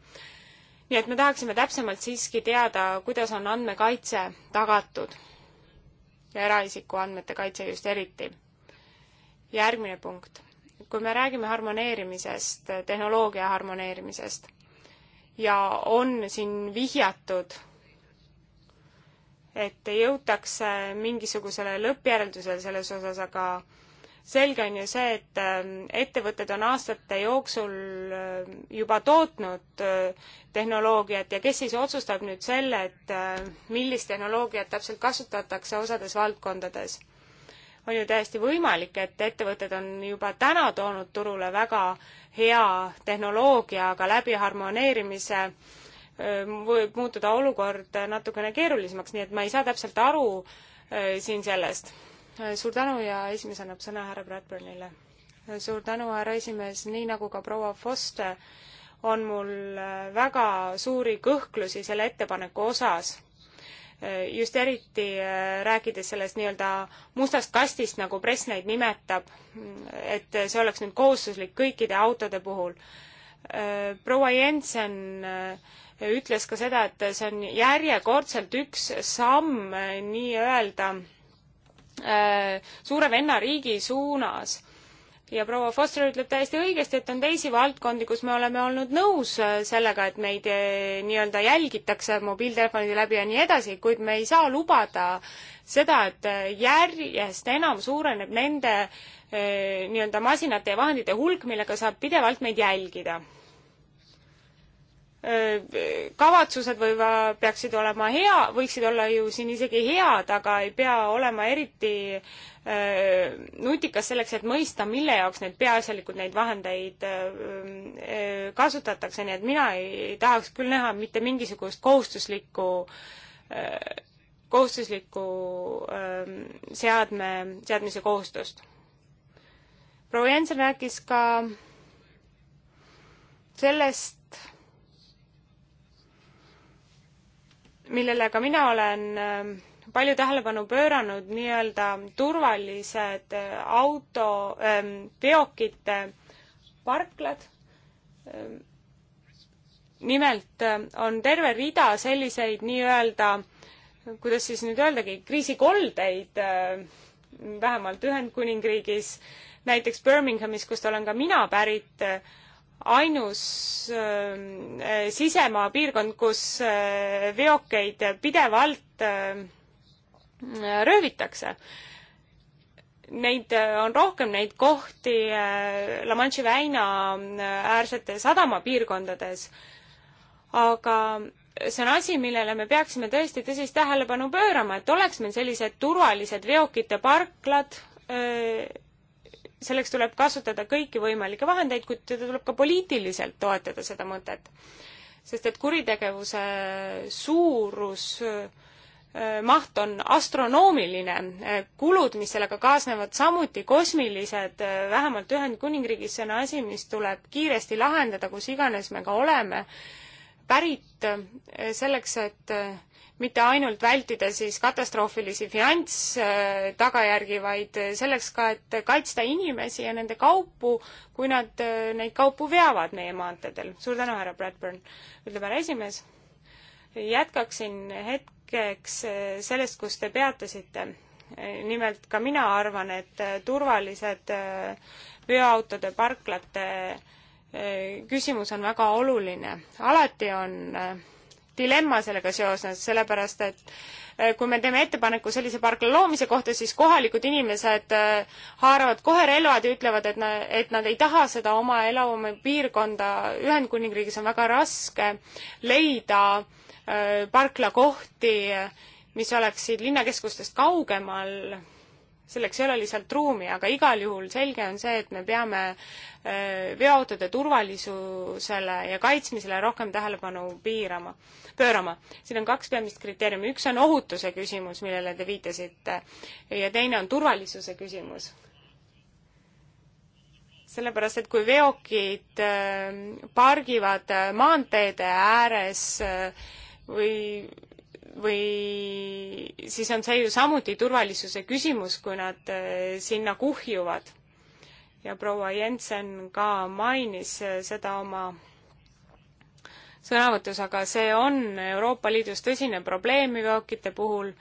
nii et me tahaksime täpsemalt siiski teada, kuidas on andmekaitse tagatud ja eraisiku andmete kaitse just eriti. järgmine punkt. kui me räägime harmoneerimisest, tehnoloogia harmoneerimisest ja on siin vihjatud et jõutakse äh, mingisugusele lõppjäreldusele selles osas, aga selge on ju see, et ähm, ettevõtted on aastate jooksul ähm, juba tootnud äh, tehnoloogiat ja kes siis otsustab nüüd selle, et äh, millist tehnoloogiat täpselt kasutatakse osades valdkondades. on ju täiesti võimalik, et ettevõtted on juba täna toonud turule väga hea tehnoloogia, aga läbi harmoneerimise äh, Ehm, võib muutuda olukord natukene keerulisemaks, nii et ma ei saa täpselt aru eh, siin sellest. Eh, suur tänu ja esimees annab sõna härra Bradburnile. Eh, suur tänu, härra esimees, nii nagu ka proua Foster, on mul väga suuri kõhklusi selle ettepaneku osas just eriti rääkides sellest nii-öelda mustast kastist, nagu press neid nimetab, mm, et see oleks nüüd kohustuslik kõikide autode puhul. proua Jensen ütles ka seda, et see on järjekordselt üks samm eh, nii-öelda eh, suure vennariigi suunas ja proua Foster ütleb täiesti õigesti, et on teisi valdkondi, kus me oleme olnud nõus eh, sellega, et meid nii-öelda jälgitakse mobiiltelefonide läbi ja nii edasi, kuid me ei saa lubada seda, et järjest enam suureneb nende nii-öelda masinate ja vahendite hulk, millega saab pidevalt meid jälgida kavatsused või peaksid olema hea, võiksid olla ju siin isegi head, aga ei pea olema eriti äh, nutikas selleks, et mõista, mille jaoks need peaasjalikult neid vahendeid äh, kasutatakse, nii et mina ei tahaks küll näha mitte mingisugust kohustuslikku äh,, kohustuslikku seadme, seadmise kohustust. proua Jensen rääkis ka sellest, millele ka mina olen ähm, palju tähelepanu pööranud, nii-öelda turvalised äh, auto, ähm, veokite parklad. Ähm, nimelt äh, on terve rida selliseid nii-öelda, kuidas siis nüüd öeldagi, kriisikoldeid äh, vähemalt Ühendkuningriigis, näiteks Birminghamis, kust olen ka mina pärit, ainus ähm, äh, sisemaa piirkond, kus äh, veokeid pidevalt ähm, äh, röövitakse. Neid äh, on rohkem, neid kohti äh, La Manche'i väina äh, äärsete sadamapiirkondades. aga see on asi, millele me peaksime tõesti tõsist tähelepanu pöörama, et oleks meil sellised turvalised veokite parklad öö, selleks tuleb kasutada kõiki võimalikke vahendeid, kuid teda tuleb ka poliitiliselt toetada, seda mõtet. sest et kuritegevuse suurus äh, maht on astronoomiline, äh, kulud, mis sellega kaasnevad, samuti kosmilised, äh, vähemalt Ühendkuningriigis see on asi, mis tuleb kiiresti lahendada, kus iganes me ka oleme, pärit selleks, et mitte ainult vältida siis katastroofilisi finantstagajärgi, vaid selleks ka, et kaitsta inimesi ja nende kaupu, kui nad neid kaupu veavad meie maanteedel. suur tänu, härra Bradburn, ütleb härra esimees. jätkaksin hetkeks sellest, kus te peatusite. nimelt ka mina arvan, et turvalised veoautode parklate küsimus on väga oluline. alati on dilemma sellega seoses, sellepärast et äh, kui me teeme ettepaneku sellise parkla loomise kohta, siis kohalikud inimesed äh, haaravad kohe relvad ja ütlevad, et na-, et nad ei taha seda oma elu, oma piirkonda, Ühendkuningriigis on väga raske leida äh, parklakohti, mis oleksid linnakeskustest kaugemal selleks ei ole lihtsalt ruumi, aga igal juhul selge on see, et me peame äh, veoautode turvalisusele ja kaitsmisele rohkem tähelepanu piirama, pöörama. siin on kaks peamist kriteeriumi, üks on ohutuse küsimus, millele te viitasite, ja teine on turvalisuse küsimus. sellepärast, et kui veokid äh, pargivad äh, maanteede ääres või või siis on see ju samuti turvalisuse küsimus, kui nad eh, sinna kuhjuvad. ja proua Jensen ka mainis eh, seda oma sõnavõtus, aga see on Euroopa Liidus tõsine probleem veokite puhul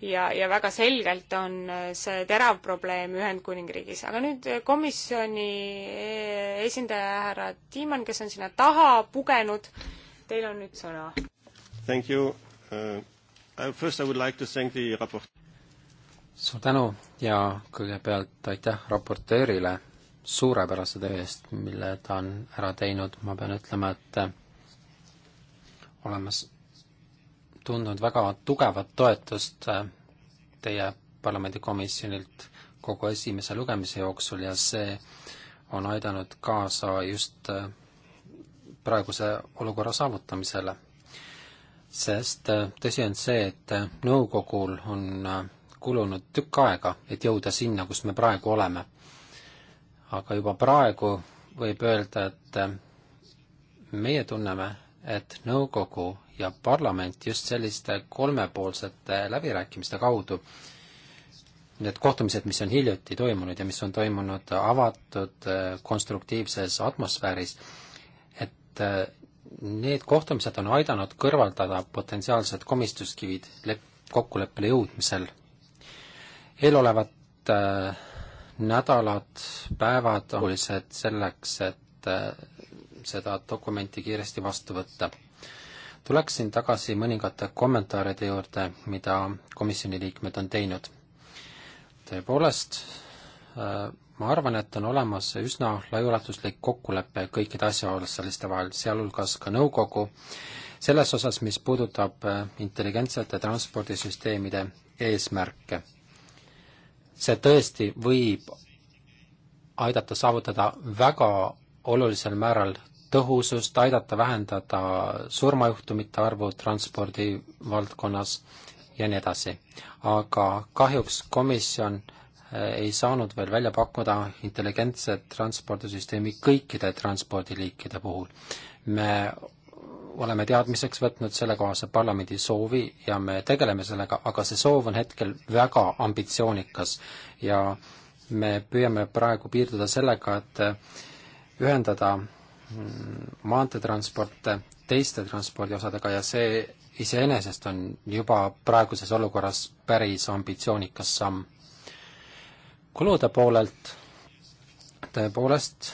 ja, ja väga selgelt on eh, see terav probleem Ühendkuningriigis. aga nüüd komisjoni esindaja härra Tiimann, kes on sinna taha pugenud, teil on nüüd sõna. Thank you uh,. First I would like to thank the raport-. suur tänu ja kõigepealt aitäh raportöörile suurepärase töö eest, mille ta on ära teinud, ma pean ütlema, et olemas tundnud väga tugevat toetust äh, teie parlamendikomisjonilt kogu esimese lugemise jooksul ja see on aidanud kaasa just äh, praeguse olukorra saavutamisele sest äh, tõsi on see, et äh, nõukogul on äh, kulunud tükk aega, et jõuda sinna, kus me praegu oleme. aga juba praegu võib öelda, et meie tunneme, et nõukogu ja parlament just selliste kolmepoolsete läbirääkimiste kaudu, need kohtumised, mis on hiljuti toimunud ja mis on toimunud avatud konstruktiivses atmosfääris, et need kohtumised on aidanud kõrvaldada potentsiaalsed komistuskivid lep-, kokkuleppele jõudmisel. eelolevad äh, nädalad, päevad olulised selleks, et äh, seda dokumenti kiiresti vastu võtta. tuleksin tagasi mõningate kommentaaride juurde, mida komisjoni liikmed on teinud. tõepoolest äh,, ma arvan, et on olemas üsna laiaulatuslik kokkulepe kõikide asjaosaliste vahel, sealhulgas ka nõukogu, selles osas, mis puudutab äh, intelligentsete transpordisüsteemide eesmärke. see tõesti võib aidata saavutada väga olulisel määral tõhusust, aidata vähendada surmajuhtumite arvu transpordivaldkonnas ja nii edasi. aga kahjuks komisjon äh, ei saanud veel välja pakkuda intelligentset transpordisüsteemi kõikide transpordiliikide puhul. me oleme teadmiseks võtnud sellekohase parlamendi soovi ja me tegeleme sellega, aga see soov on hetkel väga ambitsioonikas ja me püüame praegu piirduda sellega, et ühendada mm, maanteetransport teiste transpordiosadega ja see iseenesest on juba praeguses olukorras päris ambitsioonikas samm kulude poolelt tõepoolest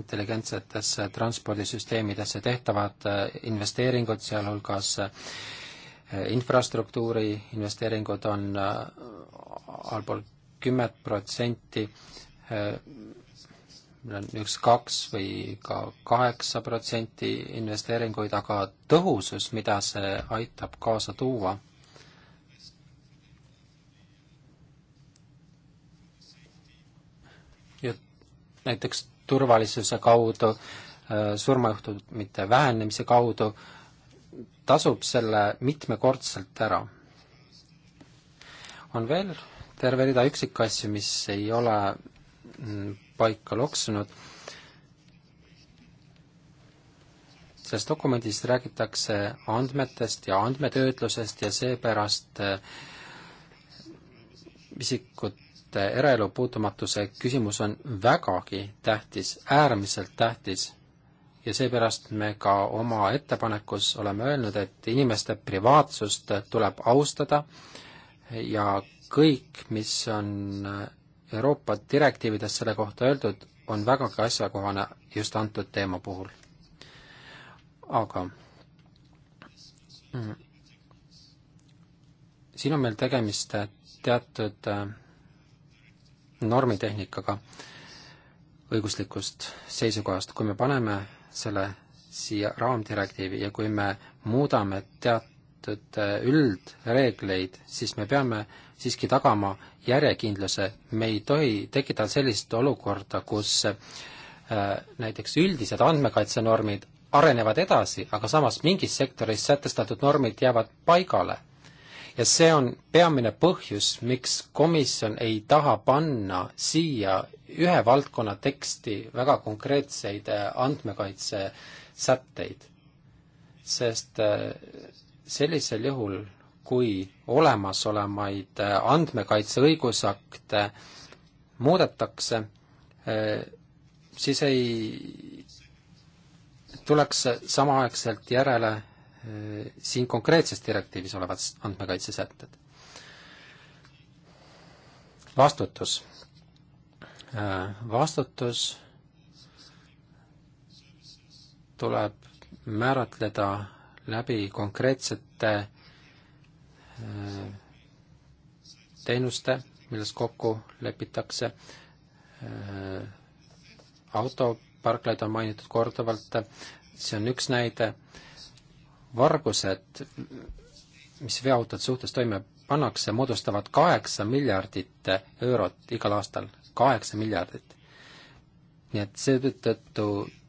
intelligentsetesse transpordisüsteemidesse tehtavad äh, investeeringud, sealhulgas äh, infrastruktuuri investeeringud on äh, allpool kümmet protsenti, meil on üks-kaks või ka kaheksa protsenti investeeringuid, aga tõhusus, mida see aitab kaasa tuua, näiteks turvalisuse kaudu, äh, surmajuhtumite vähenemise kaudu, tasub selle mitmekordselt ära. on veel terve rida üksikasju, mis ei ole mm, paika loksunud. selles dokumendis räägitakse andmetest ja andmetöötlusest ja seepärast äh, isikut et eraelu puutumatuse küsimus on vägagi tähtis, äärmiselt tähtis. ja seepärast me ka oma ettepanekus oleme öelnud, et inimeste privaatsust tuleb austada ja kõik, mis on Euroopa direktiivides selle kohta öeldud, on vägagi asjakohane just antud teema puhul. aga mm, siin on meil tegemist teatud äh, normitehnikaga õiguslikust seisukohast, kui me paneme selle siia raamdirektiivi ja kui me muudame teatud äh, üldreegleid, siis me peame siiski tagama järjekindluse, me ei tohi tekitada sellist olukorda, kus äh, näiteks üldised andmekaitsenormid arenevad edasi, aga samas mingis sektoris sätestatud normid jäävad paigale ja see on peamine põhjus, miks komisjon ei taha panna siia ühe valdkonna teksti väga konkreetseid äh, andmekaitse sätteid. sest äh, sellisel juhul, kui olemasolemaid äh, andmekaitse õigusakte muudetakse, siis ei tuleks samaaegselt järele siin konkreetses direktiivis olevad andmekaitsesätted. vastutus. Vastutus tuleb määratleda läbi konkreetsete teenuste, milles kokku lepitakse, autoparklaid on mainitud korduvalt, see on üks näide, vargused, mis veoautode suhtes toime pannakse, moodustavad kaheksa miljardit eurot igal aastal, kaheksa miljardit. nii et seetõttu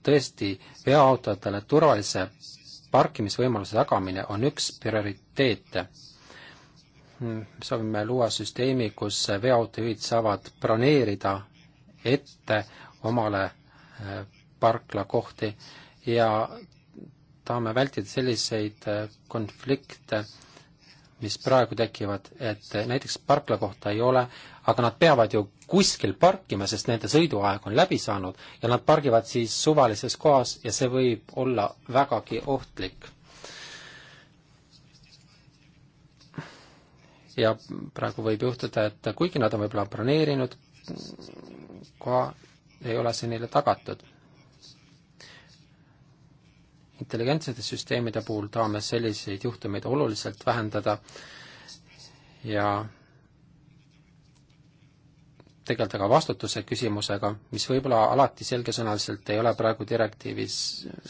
tõesti veoautodele turvalise parkimisvõimaluse tagamine on üks prioriteete. Hmm, soovime luua süsteemi, kus veoautojuhid saavad broneerida ette omale eh, parklakohti ja tahame vältida selliseid äh, konflikte, mis praegu tekivad, et äh, näiteks parkla kohta ei ole, aga nad peavad ju kuskil parkima, sest nende sõiduaeg on läbi saanud ja nad pargivad siis suvalises kohas ja see võib olla vägagi ohtlik. ja praegu võib juhtuda, et kuigi nad on võib-olla broneerinud koha, ei ole see neile tagatud intelligentsete süsteemide puhul tahame selliseid juhtumeid oluliselt vähendada ja tegeleda ka vastutuse küsimusega, mis võib-olla alati selgesõnaliselt ei ole praegu direktiivis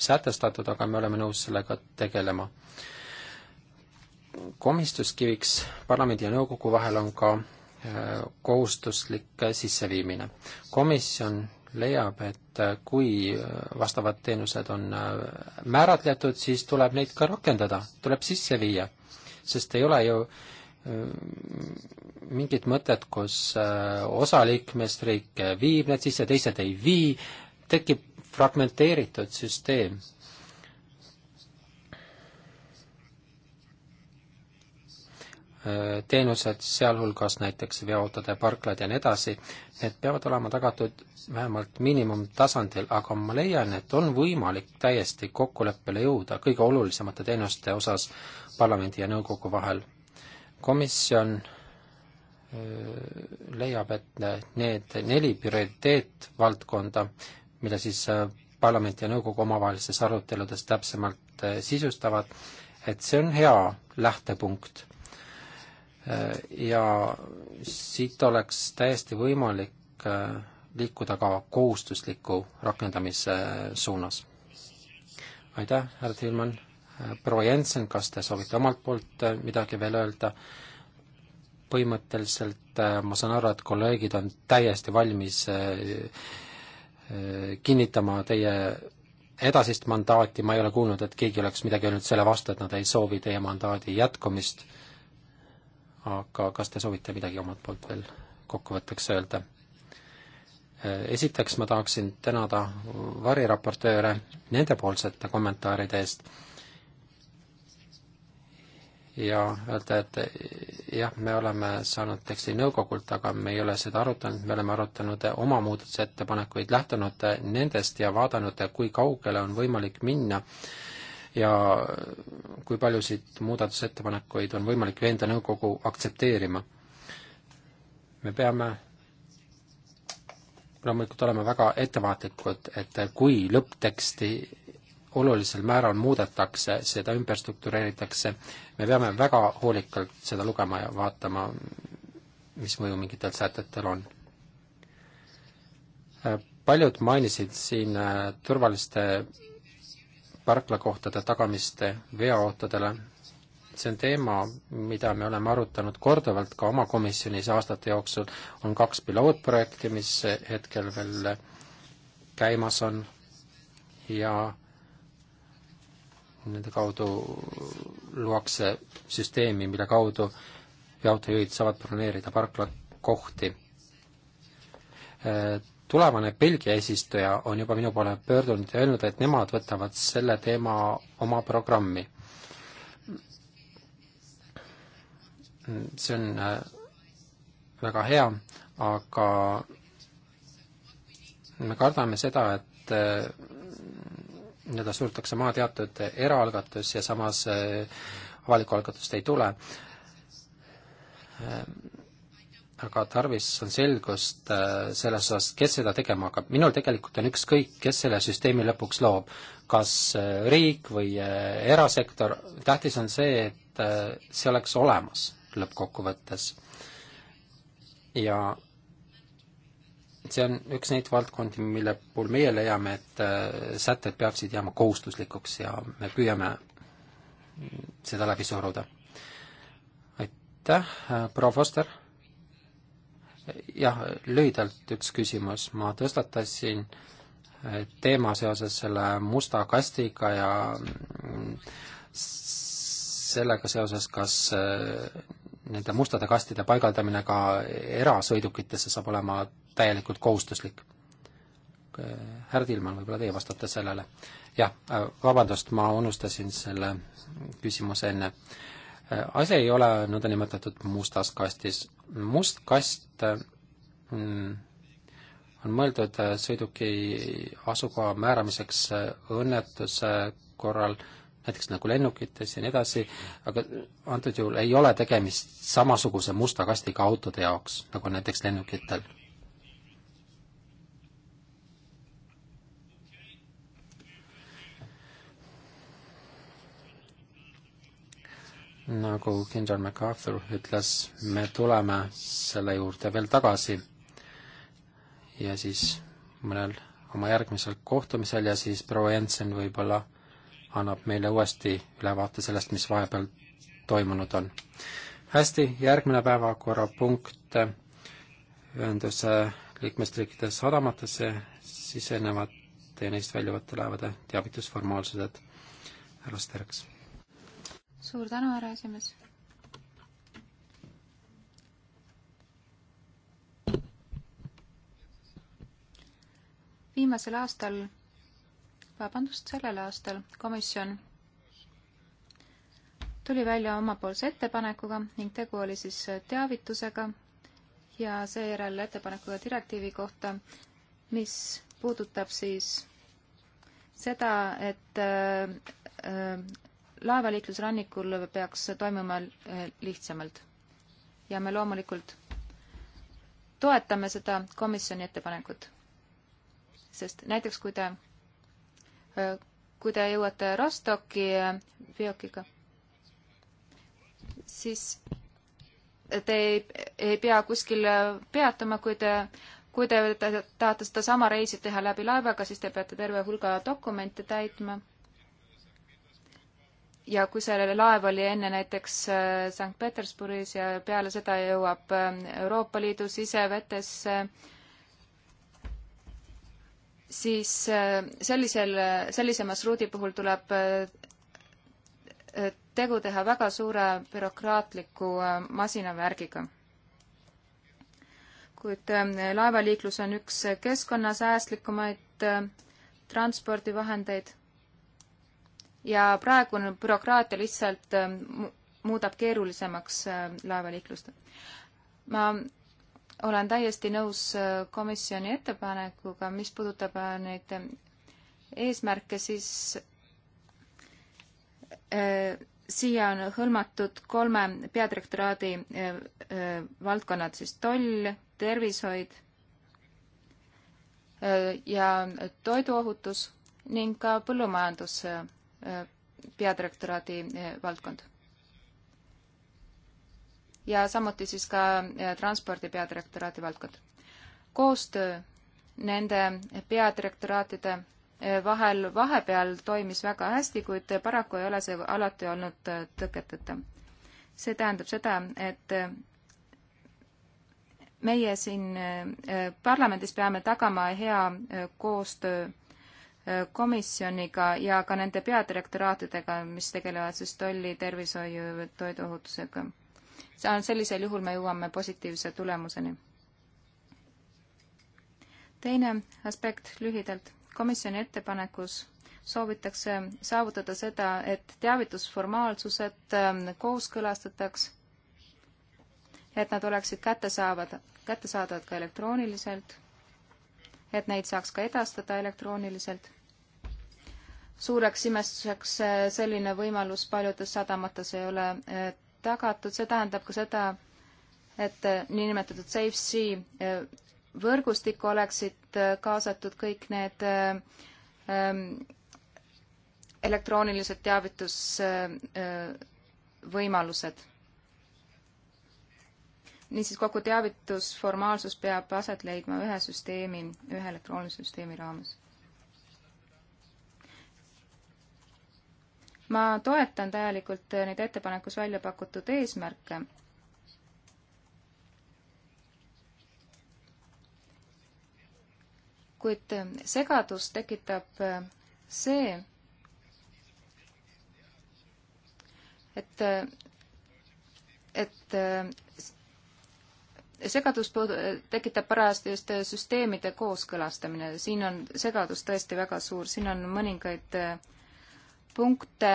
sätestatud, aga me oleme nõus sellega tegelema. komistuskiviks parlamendi ja nõukogu vahel on ka äh, kohustuslik sisseviimine. komisjon leiab, et äh, kui äh, vastavad teenused on äh, määratletud, siis tuleb neid ka rakendada, tuleb sisse viia. sest ei ole ju mingit mõtet, kus osa liikmesriike viib need sisse, teised ei vii, tekib fragmenteeritud süsteem teenused, sealhulgas näiteks veoautode parklad ja nii edasi, need peavad olema tagatud vähemalt miinimumtasandil, aga ma leian, et on võimalik täiesti kokkuleppele jõuda kõige olulisemate teenuste osas parlamendi ja nõukogu vahel. komisjon leiab, et need neli prioriteetvaldkonda, mida siis parlament ja nõukogu omavahelistes aruteludes täpsemalt sisustavad, et see on hea lähtepunkt Äh, ja siit oleks täiesti võimalik äh, liikuda ka kohustusliku rakendamise äh, suunas. aitäh, härra Tilman, proua Jensen, kas te soovite omalt poolt midagi veel öelda? põhimõtteliselt ma saan aru, et kolleegid on täiesti valmis kinnitama teie edasist mandaati, ma ei ole kuulnud, et keegi oleks midagi öelnud selle vastu, et nad ei soovi teie mandaadi jätkumist aga kas te soovite midagi omalt poolt veel kokkuvõtteks öelda? Äh, esiteks ma tahaksin tänada variraportööre nendepoolsete kommentaaride eest ja öelda, et eh, jah, me oleme saanud teksti nõukogult, aga me ei ole seda arutanud, me oleme arutanud oma muudatusettepanekuid, lähtunud nendest ja vaadanud, kui kaugele on võimalik minna äh, ja kui paljusid muudatusettepanekuid on võimalik veenda nõukogu aktsepteerima. me peame loomulikult olema väga ettevaatlikud, et kui lõppteksti olulisel määral muudetakse, seda ümber struktureeritakse, me peame väga hoolikalt seda lugema ja vaatama, mis mõju mingitel sätetel on. paljud mainisid siin äh, turvaliste parklakohtade tagamist veoautodele. see on teema, mida me oleme arutanud korduvalt ka oma komisjonis aastate jooksul, on kaks pilootprojekti, mis hetkel veel käimas on ja nende kaudu luuakse süsteemi, mille kaudu veoautojuhid saavad broneerida parklakohti tulevane Belgia eesistuja on juba minu poole pöördunud ja öelnud, et nemad võtavad selle teema oma programmi. see on äh, väga hea, aga me kardame seda, et äh, nii-öelda surutakse maha teatud eraalgatus ja samas äh, avalikku algatust ei tule aga tarvis on selgust äh, selles osas, kes seda tegema hakkab. minul tegelikult on ükskõik, kes selle süsteemi lõpuks loob, kas äh, riik või äh, erasektor, tähtis on see, et see oleks olemas lõppkokkuvõttes. ja see on üks neid valdkondi, mille puhul meie leiame, et sätted peaksid jääma kohustuslikuks ja me püüame seda läbi suruda. aitäh, proua Foster! jah, lühidalt üks küsimus, ma tõstatasin äh, teema seoses selle musta kastiga ja mm, sellega seoses, kas äh, nende mustade kastide paigaldamine ka erasõidukitesse saab olema täielikult kohustuslik? Äh, härra Tilman, võib-olla teie vastate sellele? jah, vabandust, ma unustasin selle küsimuse enne Äh, asi ei ole nõndanimetatud mustas kastis. must kast äh, mm, on mõeldud äh, sõiduki asukoha määramiseks õnnetuse korral, näiteks nagu lennukites ja nii edasi, aga antud juhul ei ole tegemist samasuguse musta kastiga autode jaoks, nagu näiteks lennukitel nagu kindral MacArthur ütles, me tuleme selle juurde veel tagasi ja siis mõnel oma järgmisel kohtumisel ja siis proua Jensen võib-olla annab meile uuesti ülevaate sellest, mis vahepeal toimunud on. hästi, järgmine päevakorrapunkt ühenduse liikmesriikide sadamatesse sisenevate ja neist väljuvate laevade teavitusformaalsused. härra Sterks suur tänu, härra esimees. viimasel aastal, vabandust, sellel aastal komisjon tuli välja omapoolse ettepanekuga ning tegu oli siis teavitusega ja seejärel ettepanekuga direktiivi kohta, mis puudutab siis seda, et äh, laevaliiklus rannikul peaks toimuma eh, lihtsamalt. ja me loomulikult toetame seda komisjoni ettepanekut. sest näiteks kui te, eh, kui te jõuate Rostoki veokiga, eh, siis te ei, ei pea kuskil peatuma, kui te, kui te tahate sedasama reisi teha läbi laevaga, siis te peate terve hulga dokumente täitma ja kui see laev oli enne näiteks äh, Sankt Peterburis ja peale seda jõuab äh, Euroopa Liidu sisevetesse, siis äh, sellisel, sellise marsruudi puhul tuleb tegu teha väga suure bürokraatliku masinavärgiga kuid laevaliiklus on üks keskkonnasäästlikumaid transpordivahendeid ja praegune bürokraatia lihtsalt äh, muudab keerulisemaks äh, laevaliiklust. ma olen täiesti nõus äh, komisjoni ettepanekuga, mis puudutab neid eesmärke, siis äh, siia on hõlmatud kolme peadirektoraadi äh, äh, valdkonnad, siis toll, tervishoid ja toiduohutus ning ka põllumajandus Äh, peadirektoraadi äh, valdkond. ja samuti siis ka äh, transpordi peadirektoraadi valdkond. koostöö nende peadirektoraatide vahel vahepeal toimis väga hästi, kuid paraku ei ole see alati olnud tõketeta. see tähendab seda, et meie siin parlamendis peame tagama hea koostöö komisjoniga ja ka nende peadirektoraatidega, mis tegelevad siis tolli, tervishoiu, toiduohutusega. sellisel juhul me jõuame positiivse tulemuseni. teine aspekt lühidalt. komisjoni ettepanekus soovitakse saavutada seda, et teavitusformaalsused ähm, kooskõlastataks, et nad oleksid kättesaavad, kättesaadavad ka elektrooniliselt, et neid saaks ka edastada elektrooniliselt suureks imestuseks eh, selline võimalus paljudes sadamates ei ole eh, tagatud, see tähendab ka seda, et eh, niinimetatud Safe Sea võrgustikku oleksid kaasatud kõik need elektroonilised teavitusvõimalused. niisiis kogu teavitusformaalsus peab aset leidma ühe süsteemi, ühe elektroonilise süsteemi raames ma toetan täielikult neid ettepanekus välja pakutud eesmärke. kuid segadust tekitab see, et, et segadus tekitab parajasti just süsteemide kooskõlastamine, siin on segadus tõesti väga suur, siin on mõningaid äh, punkte,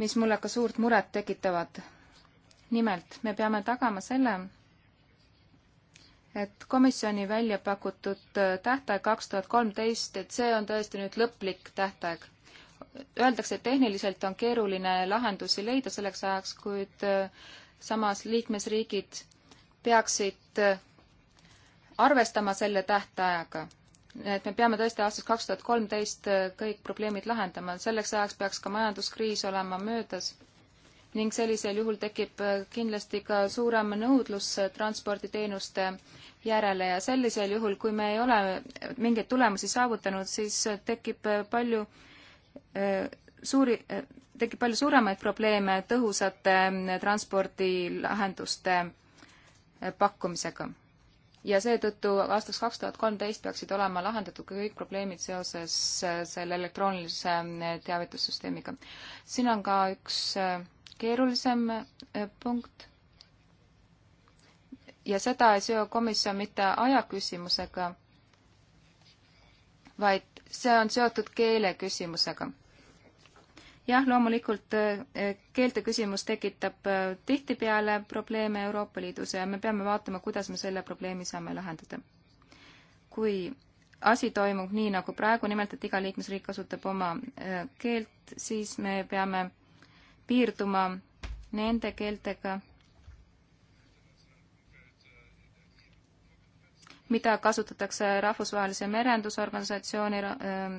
mis mulle ka suurt muret tekitavad. nimelt, me peame tagama selle, et komisjoni välja pakutud tähtaeg kaks tuhat kolmteist, et see on tõesti nüüd lõplik tähtaeg. Öeldakse, et tehniliselt on keeruline lahendusi leida selleks ajaks, kuid äh, samas liikmesriigid peaksid äh, arvestama selle tähtajaga et me peame tõesti aastast kaks tuhat kolmteist äh, kõik probleemid lahendama, selleks ajaks peaks ka majanduskriis olema möödas ning sellisel juhul tekib äh, kindlasti ka suurem nõudlus äh, transporditeenuste järele ja sellisel juhul, kui me ei ole mingeid tulemusi saavutanud, siis tekib palju suuri, tekib palju suuremaid probleeme tõhusate transpordilahenduste pakkumisega ja seetõttu aastaks kaks tuhat kolmteist peaksid olema lahendatud kõik probleemid seoses äh, selle elektroonilise äh, teavitussüsteemiga. siin on ka üks äh, keerulisem punkt ja seda ei seo komisjon mitte aja küsimusega, vaid see on seotud keele küsimusega jah, loomulikult eh, eh, keelte küsimus tekitab eh, tihtipeale probleeme Euroopa Liidus ja me peame vaatama, kuidas me selle probleemi saame lahendada. kui asi toimub nii, nagu praegu, nimelt et iga liikmesriik kasutab oma keelt, siis me peame piirduma nende keeltega, mida kasutatakse rahvusvahelise merendusorganisatsiooni ähm,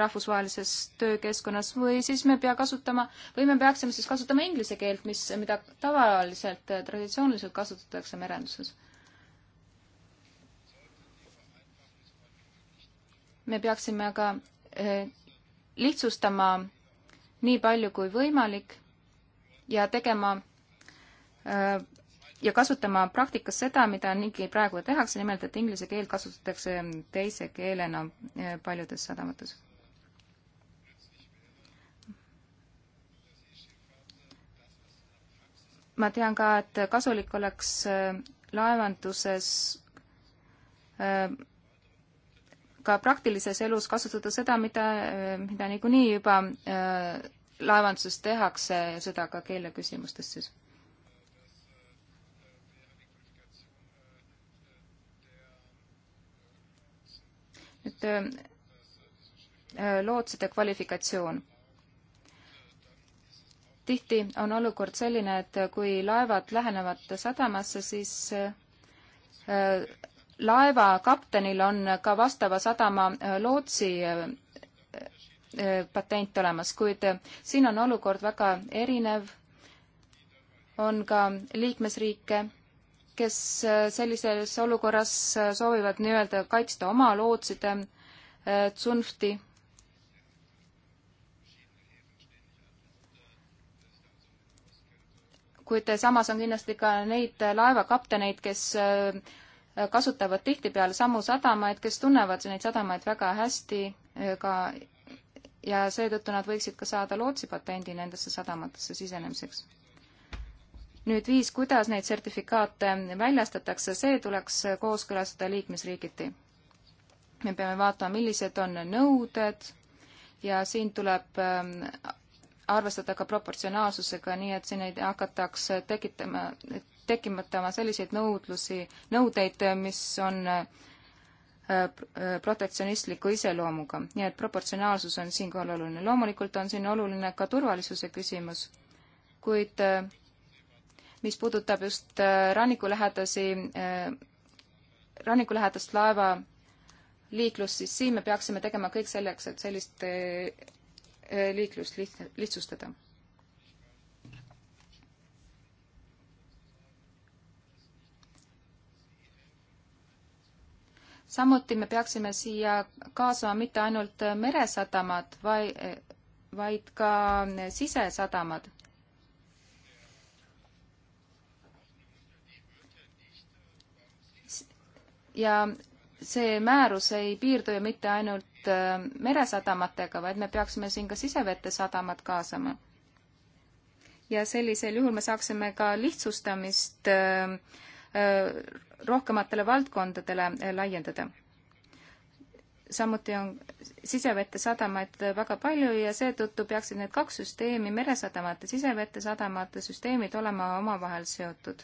rahvusvahelises töökeskkonnas või siis me pea kasutama või me peaksime siis kasutama inglise keelt, mis, mida tavaliselt äh, traditsiooniliselt kasutatakse merenduses. me peaksime aga äh, lihtsustama nii palju kui võimalik ja tegema äh, ja kasutama praktikas seda, mida niigi praegu tehakse, nimelt et inglise keelt kasutatakse teise keelena eh, paljudes sadamates. ma tean ka, et kasulik oleks eh, laevanduses eh, ka praktilises elus kasutada seda, mida, mida niikuinii juba laevanduses tehakse, seda ka keeleküsimustes siis nüüd äh, äh, lootside kvalifikatsioon. tihti on olukord selline, et kui laevad lähenevad sadamasse, siis äh, laeva kaptenil on ka vastava sadama lootsi patent olemas, kuid siin on olukord väga erinev. on ka liikmesriike kes äh, sellises olukorras äh, soovivad nii-öelda kaitsta oma lootside tsunfti. Äh, kuid samas on kindlasti ka neid laevakapteneid, kes kasutavad tihtipeale samu sadamaid, kes tunnevad neid sadamaid väga hästi ka ja seetõttu nad võiksid ka saada lootsipatendi nendesse sadamatesse sisenemiseks nüüd viis, kuidas neid sertifikaate väljastatakse, see tuleks kooskõlastada liikmesriigiti. me peame vaatama, millised on nõuded ja siin tuleb ähm, arvestada ka proportsionaalsusega, nii et siin ei hakataks tekitama, tekimatama selliseid nõudlusi, nõudeid, mis on äh, äh, protektsionistliku iseloomuga, nii et proportsionaalsus on siinkohal oluline. loomulikult on siin oluline ka turvalisuse küsimus, kuid äh, mis puudutab just äh, rannikulähedasi, äh, rannikulähedast laeva liiklust, siis siin me peaksime tegema kõik selleks, et sellist äh, liiklust liht-, lihtsustada. samuti me peaksime siia kaasama mitte ainult meresadamad, vaid, vaid ka sisesadamad ja see määrus ei piirdu ju mitte ainult äh, meresadamatega, vaid me peaksime siin ka sisevete sadamad kaasama. ja sellisel juhul me saaksime ka lihtsustamist äh, äh, rohkematele valdkondadele laiendada. samuti on sisevete sadamaid väga palju ja seetõttu peaksid need kaks süsteemi, meresadamate, sisevete sadamate süsteemid olema omavahel seotud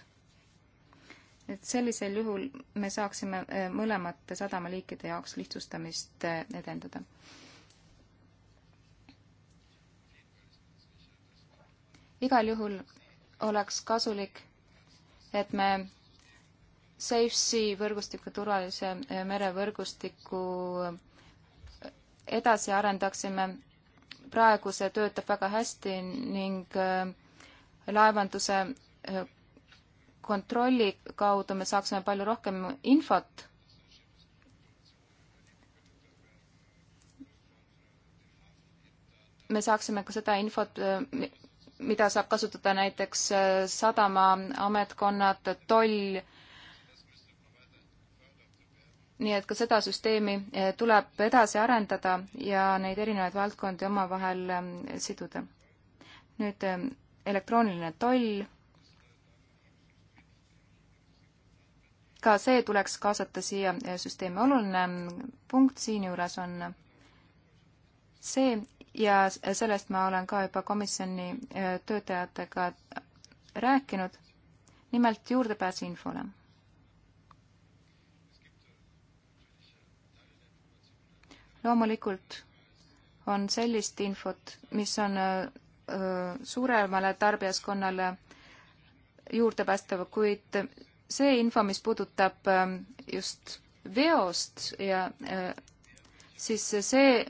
et sellisel juhul me saaksime eh, mõlemate sadamaliikide jaoks lihtsustamist eh, edendada. igal juhul oleks kasulik, et me SafeSea võrgustiku, turvalise eh, merevõrgustiku edasi arendaksime. praegu see töötab väga hästi ning laevanduse kontrolli kaudu me saaksime palju rohkem infot. me saaksime ka seda infot, mida saab kasutada näiteks äh, sadamaametkonnad, toll. nii et ka seda süsteemi äh, tuleb edasi arendada ja neid erinevaid valdkondi omavahel äh, siduda. nüüd elektrooniline toll ka see tuleks kaasata siia e, süsteemi. oluline punkt siinjuures on see ja sellest ma olen ka juba komisjoni e, töötajatega rääkinud, nimelt juurdepääs infole. loomulikult on sellist infot, mis on e, suuremale tarbijaskonnale juurdepäästav, kuid see info, mis puudutab ähm, just veost ja äh, siis see,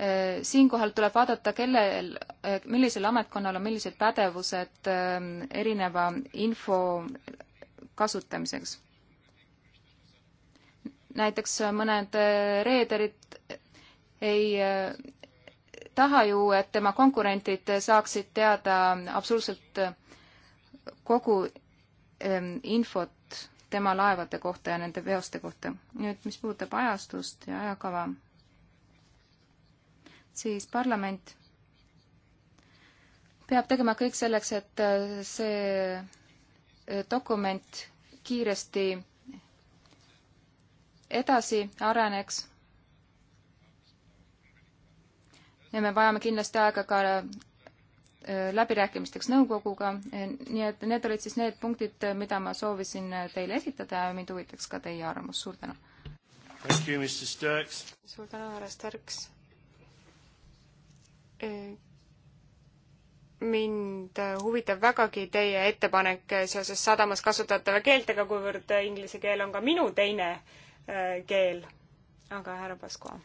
äh, siinkohal tuleb vaadata, kellel, äh, millisel ametkonnal on millised pädevused ähm, erineva info kasutamiseks. näiteks mõned reederid ei taha ju, et tema konkurentid saaksid teada absoluutselt kogu Ähm, infot tema laevade kohta ja nende veoste kohta. nüüd, mis puudutab ajastust ja ajakava, siis parlament peab tegema kõik selleks, et äh, see äh, dokument kiiresti edasi areneks. ja me vajame kindlasti aega ka Äh, läbirääkimisteks nõukoguga, äh, nii et need olid siis need punktid, äh, mida ma soovisin teile esitada ja mind huvitaks ka teie arvamus, suur tänu. suur tänu, härra Starks. mind huvitab vägagi teie ettepanek seoses sadamas kasutatava keeltega, kuivõrd inglise keel on ka minu teine keel. aga härra Pasko.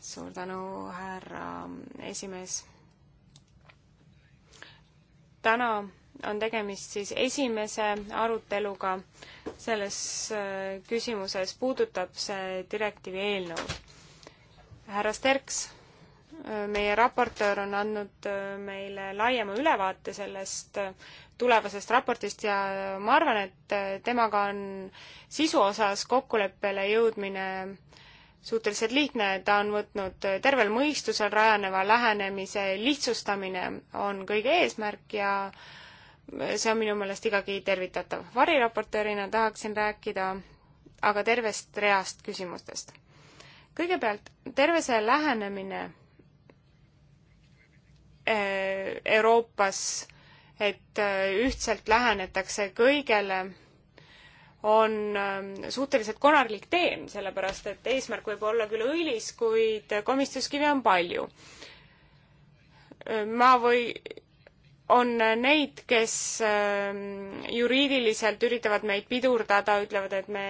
suur tänu, härra mm, esimees täna on tegemist siis esimese aruteluga selles äh, küsimuses, puudutab see direktiivi eelnõu. härra Sterks, äh, meie raportöör on andnud äh, meile laiema ülevaate sellest tulevasest raportist ja ma arvan, et temaga on sisu osas kokkuleppele jõudmine suhteliselt lihtne, ta on võtnud tervel mõistusel rajaneva lähenemise, lihtsustamine on kõige eesmärk ja see on minu meelest igagi tervitatav. variraportöörina tahaksin rääkida aga tervest reast küsimustest. kõigepealt, terve see lähenemine äh, Euroopas, et äh, ühtselt lähenetakse kõigele on ähm, suhteliselt konarlik tee, sellepärast et eesmärk võib olla küll õilis, kuid komistuskive on palju. Äh, ma või, on neid, kes ähm, juriidiliselt üritavad meid pidurdada, ütlevad, et me,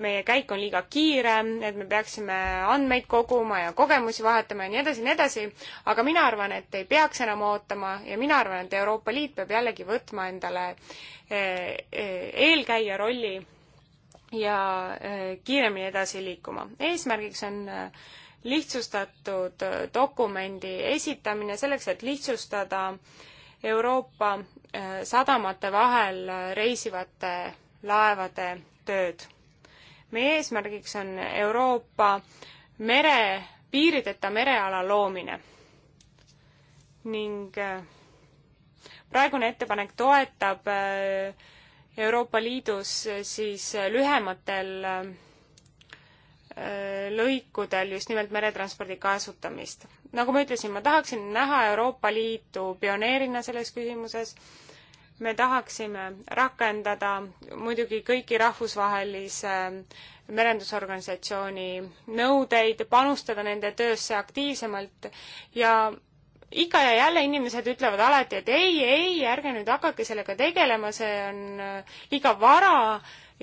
meie käik on liiga kiire, et me peaksime andmeid koguma ja kogemusi vahetama ja nii edasi ja nii edasi, aga mina arvan, et ei peaks enam ootama ja mina arvan, et Euroopa Liit peab jällegi võtma endale äh, äh, eelkäija rolli ja äh, kiiremini edasi liikuma. eesmärgiks on lihtsustatud dokumendi esitamine selleks, et lihtsustada äh, Euroopa äh, sadamate vahel äh, reisivate laevade tööd. meie eesmärgiks on Euroopa mere, piirideta mereala loomine ning äh, praegune ettepanek toetab Euroopa Liidus siis lühematel Äh, lõikudel just nimelt meretranspordi kasutamist. nagu ma ütlesin, ma tahaksin näha Euroopa Liitu pioneerina selles küsimuses, me tahaksime rakendada muidugi kõiki rahvusvahelise äh, merendusorganisatsiooni nõudeid, panustada nende töösse aktiivsemalt ja ikka ja jälle inimesed ütlevad alati, et ei, ei, ärge nüüd hakake sellega tegelema, see on äh, liiga vara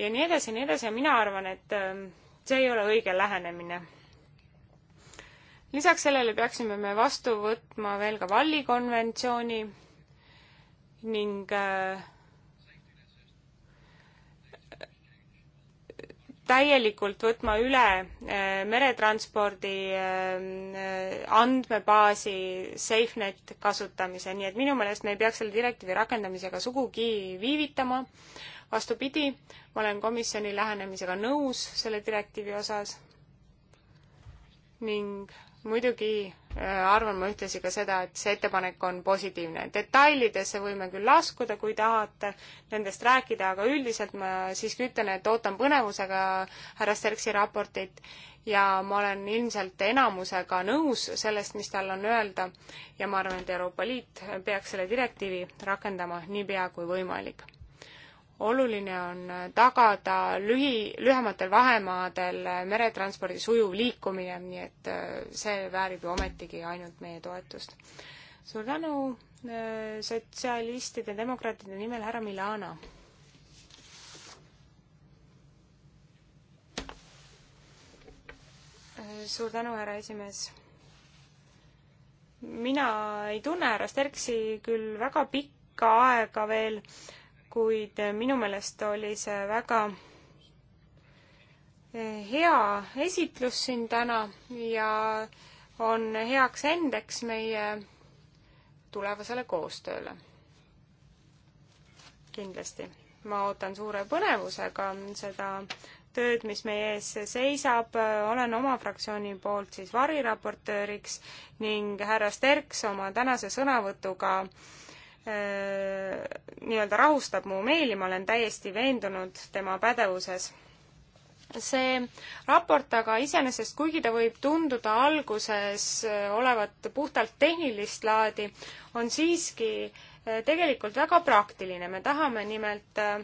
ja nii edasi ja nii edasi ja mina arvan, et ähm, see ei ole õige lähenemine. lisaks sellele peaksime me vastu võtma veel ka Valli konventsiooni ning äh, täielikult võtma üle äh, meretranspordi äh, andmebaasi SafeNet kasutamise, nii et minu meelest me ei peaks selle direktiivi rakendamisega sugugi viivitama vastupidi, ma olen komisjoni lähenemisega nõus selle direktiivi osas ning muidugi äh, arvan ma ühtlasi ka seda, et see ettepanek on positiivne. detailidesse võime küll laskuda, kui tahate nendest rääkida, aga üldiselt ma siiski ütlen, et ootan põnevusega härra Sterksi raportit ja ma olen ilmselt enamusega nõus sellest, mis tal on öelda ja ma arvan, et Euroopa Liit peaks selle direktiivi rakendama niipea kui võimalik oluline on tagada lühi, lühematel vahemaadel meretranspordi sujuv liikumine, nii et äh, see väärib ju ometigi ainult meie toetust. suur tänu äh, sotsialistide, demokraatide nimel, härra Milana. Äh, suur tänu, härra esimees mina ei tunne härra Sterksi küll väga pikka aega veel, kuid eh, minu meelest oli see väga eh, hea esitlus siin täna ja on heaks endeks meie tulevasele koostööle. kindlasti. ma ootan suure põnevusega seda tööd, mis meie ees seisab, olen oma fraktsiooni poolt siis variraportööriks ning härra Sterks oma tänase sõnavõtuga äh, Äh, nii-öelda rahustab mu meeli, ma olen täiesti veendunud tema pädevuses. see raport aga iseenesest, kuigi ta võib tunduda alguses äh, olevat puhtalt tehnilist laadi, on siiski äh, tegelikult väga praktiline, me tahame nimelt äh,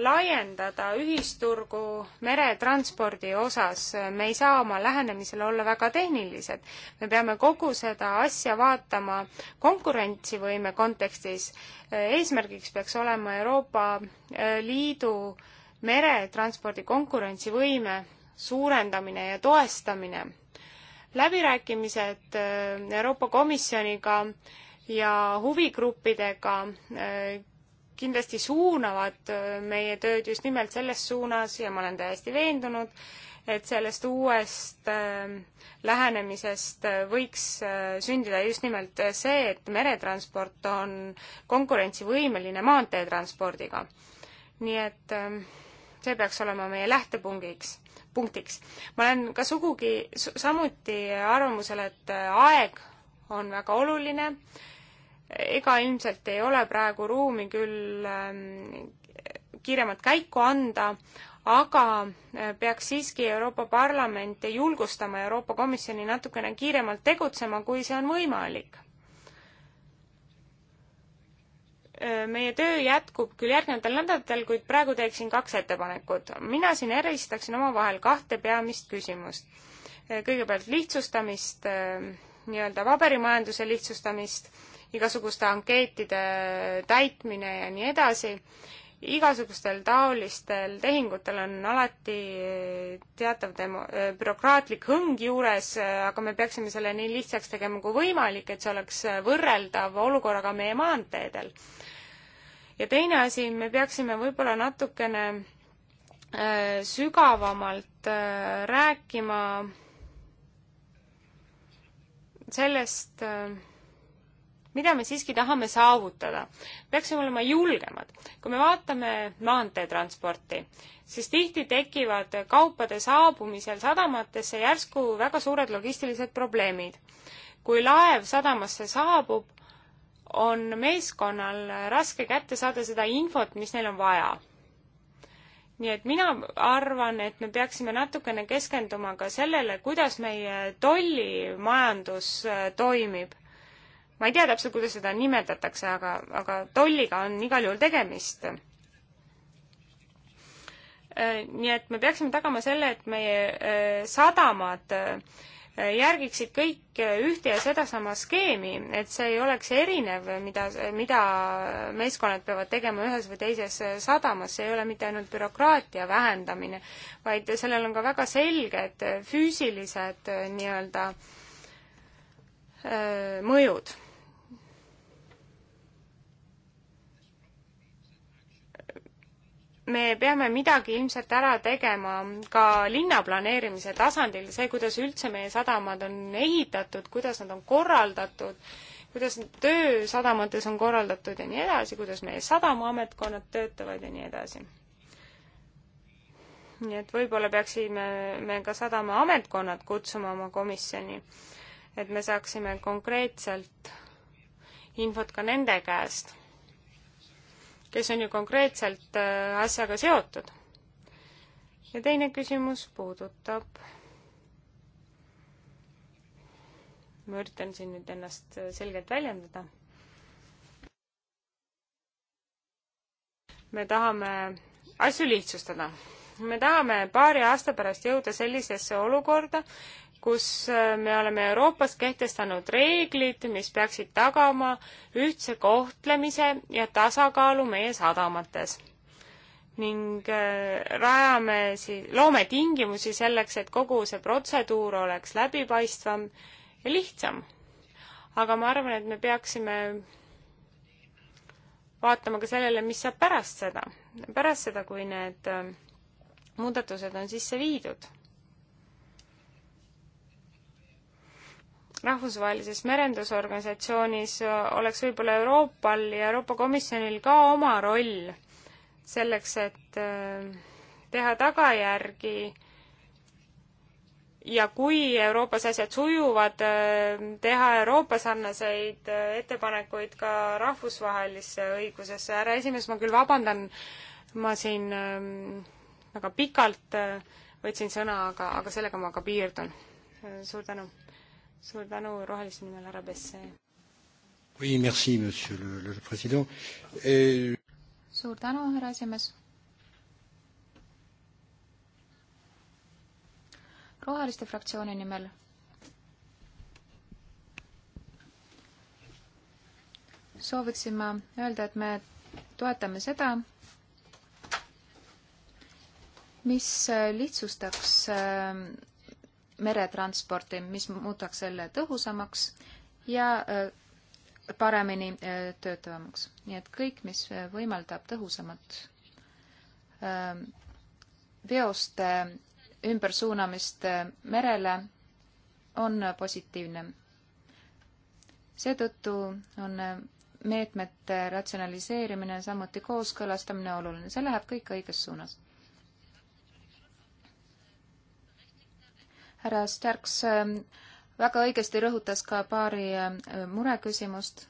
laiendada ühisturgu meretranspordi osas, me ei saa oma lähenemisel olla väga tehnilised. me peame kogu seda asja vaatama konkurentsivõime kontekstis. eesmärgiks peaks olema Euroopa äh, Liidu meretranspordi konkurentsivõime suurendamine ja toestamine. läbirääkimised äh, Euroopa Komisjoniga ja huvigruppidega äh, kindlasti suunavad äh, meie tööd just nimelt selles suunas ja ma olen täiesti veendunud, et sellest uuest ähm, lähenemisest äh, võiks äh, sündida just nimelt see, et meretransport on konkurentsivõimeline maanteetranspordiga. nii et ähm, see peaks olema meie lähtepungiks, punktiks. ma olen ka sugugi, samuti arvamusel, et aeg on väga oluline äh, ega ilmselt ei ole praegu ruumi küll ähm, kiiremat käiku anda, aga äh, peaks siiski Euroopa Parlament julgustama Euroopa Komisjoni natukene kiiremalt tegutsema, kui see on võimalik. Äh, meie töö jätkub küll järgnevatel nädalatel, kuid praegu teeksin kaks ettepanekut. mina siin eristaksin omavahel kahte peamist küsimust. Äh, kõigepealt lihtsustamist, nii-öelda paberimajanduse lihtsustamist igasuguste ankeetide täitmine ja nii edasi. igasugustel taolistel tehingutel on alati teatav demo-, bürokraatlik hõng juures, aga me peaksime selle nii lihtsaks tegema kui võimalik, et see oleks võrreldav olukorraga meie maanteedel. ja teine asi, me peaksime võib-olla natukene äh, sügavamalt äh, rääkima sellest, äh, mida me siiski tahame saavutada? peaksime olema julgemad. kui me vaatame maanteetransporti, siis tihti tekivad kaupade saabumisel sadamatesse järsku väga suured logistilised probleemid. kui laev sadamasse saabub, on meeskonnal raske kätte saada seda infot, mis neil on vaja nii et mina arvan, et me peaksime natukene keskenduma ka sellele, kuidas meie tollimajandus äh, toimib ma ei tea täpselt, kuidas seda nimetatakse, aga, aga tolliga on igal juhul tegemist. Äh, nii et me peaksime tagama selle, et meie äh, sadamad äh, järgiksid kõik ühte ja sedasama skeemi, et see ei oleks erinev, mida, mida meeskonnad peavad tegema ühes või teises sadamas, see ei ole mitte ainult bürokraatia vähendamine, vaid sellel on ka väga selged füüsilised nii-öelda mõjud me peame midagi ilmselt ära tegema ka linnaplaneerimise tasandil, see, kuidas üldse meie sadamad on ehitatud, kuidas nad on korraldatud, kuidas töö sadamates on korraldatud ja nii edasi, kuidas meie sadamaametkonnad töötavad ja nii edasi. nii et võib-olla peaksime me ka sadamaametkonnad kutsuma oma komisjoni, et me saaksime konkreetselt infot ka nende käest kes on ju konkreetselt äh, asjaga seotud. ja teine küsimus puudutab ma üritan siin nüüd ennast äh, selgelt väljendada. me tahame asju lihtsustada. me tahame paari aasta pärast jõuda sellisesse olukorda, kus äh, me oleme Euroopas kehtestanud reeglid, mis peaksid tagama ühtse kohtlemise ja tasakaalu meie sadamates. ning äh, rajame siis, loome tingimusi selleks, et kogu see protseduur oleks läbipaistvam ja lihtsam. aga ma arvan, et me peaksime vaatama ka sellele, mis saab pärast seda, pärast seda, kui need äh, muudatused on sisse viidud rahvusvahelises merendusorganisatsioonis oleks võib-olla Euroopal ja Euroopa Komisjonil ka oma roll selleks, et teha tagajärgi ja kui Euroopas asjad sujuvad, teha Euroopa sarnaseid ettepanekuid ka rahvusvahelisse õigusesse. härra esimees, ma küll vabandan, ma siin väga pikalt võtsin sõna, aga, aga sellega ma ka piirdun. suur tänu suur tänu, roheliste nimel härra Besse. Oui, merci, monsieur le, le président Et.... suur tänu, härra esimees. roheliste fraktsiooni nimel sooviksin ma öelda, et me toetame seda, mis lihtsustaks meretransporti, mis muudaks selle tõhusamaks ja äh, paremini äh, töötavamaks. nii et kõik, mis äh, võimaldab tõhusamat ähm, veoste ümbersuunamist merele, on positiivne. seetõttu on meetmete ratsionaliseerimine, samuti kooskõlastamine oluline, see läheb kõik õiges suunas härra Starks ähm, väga õigesti rõhutas ka paari ähm, mureküsimust.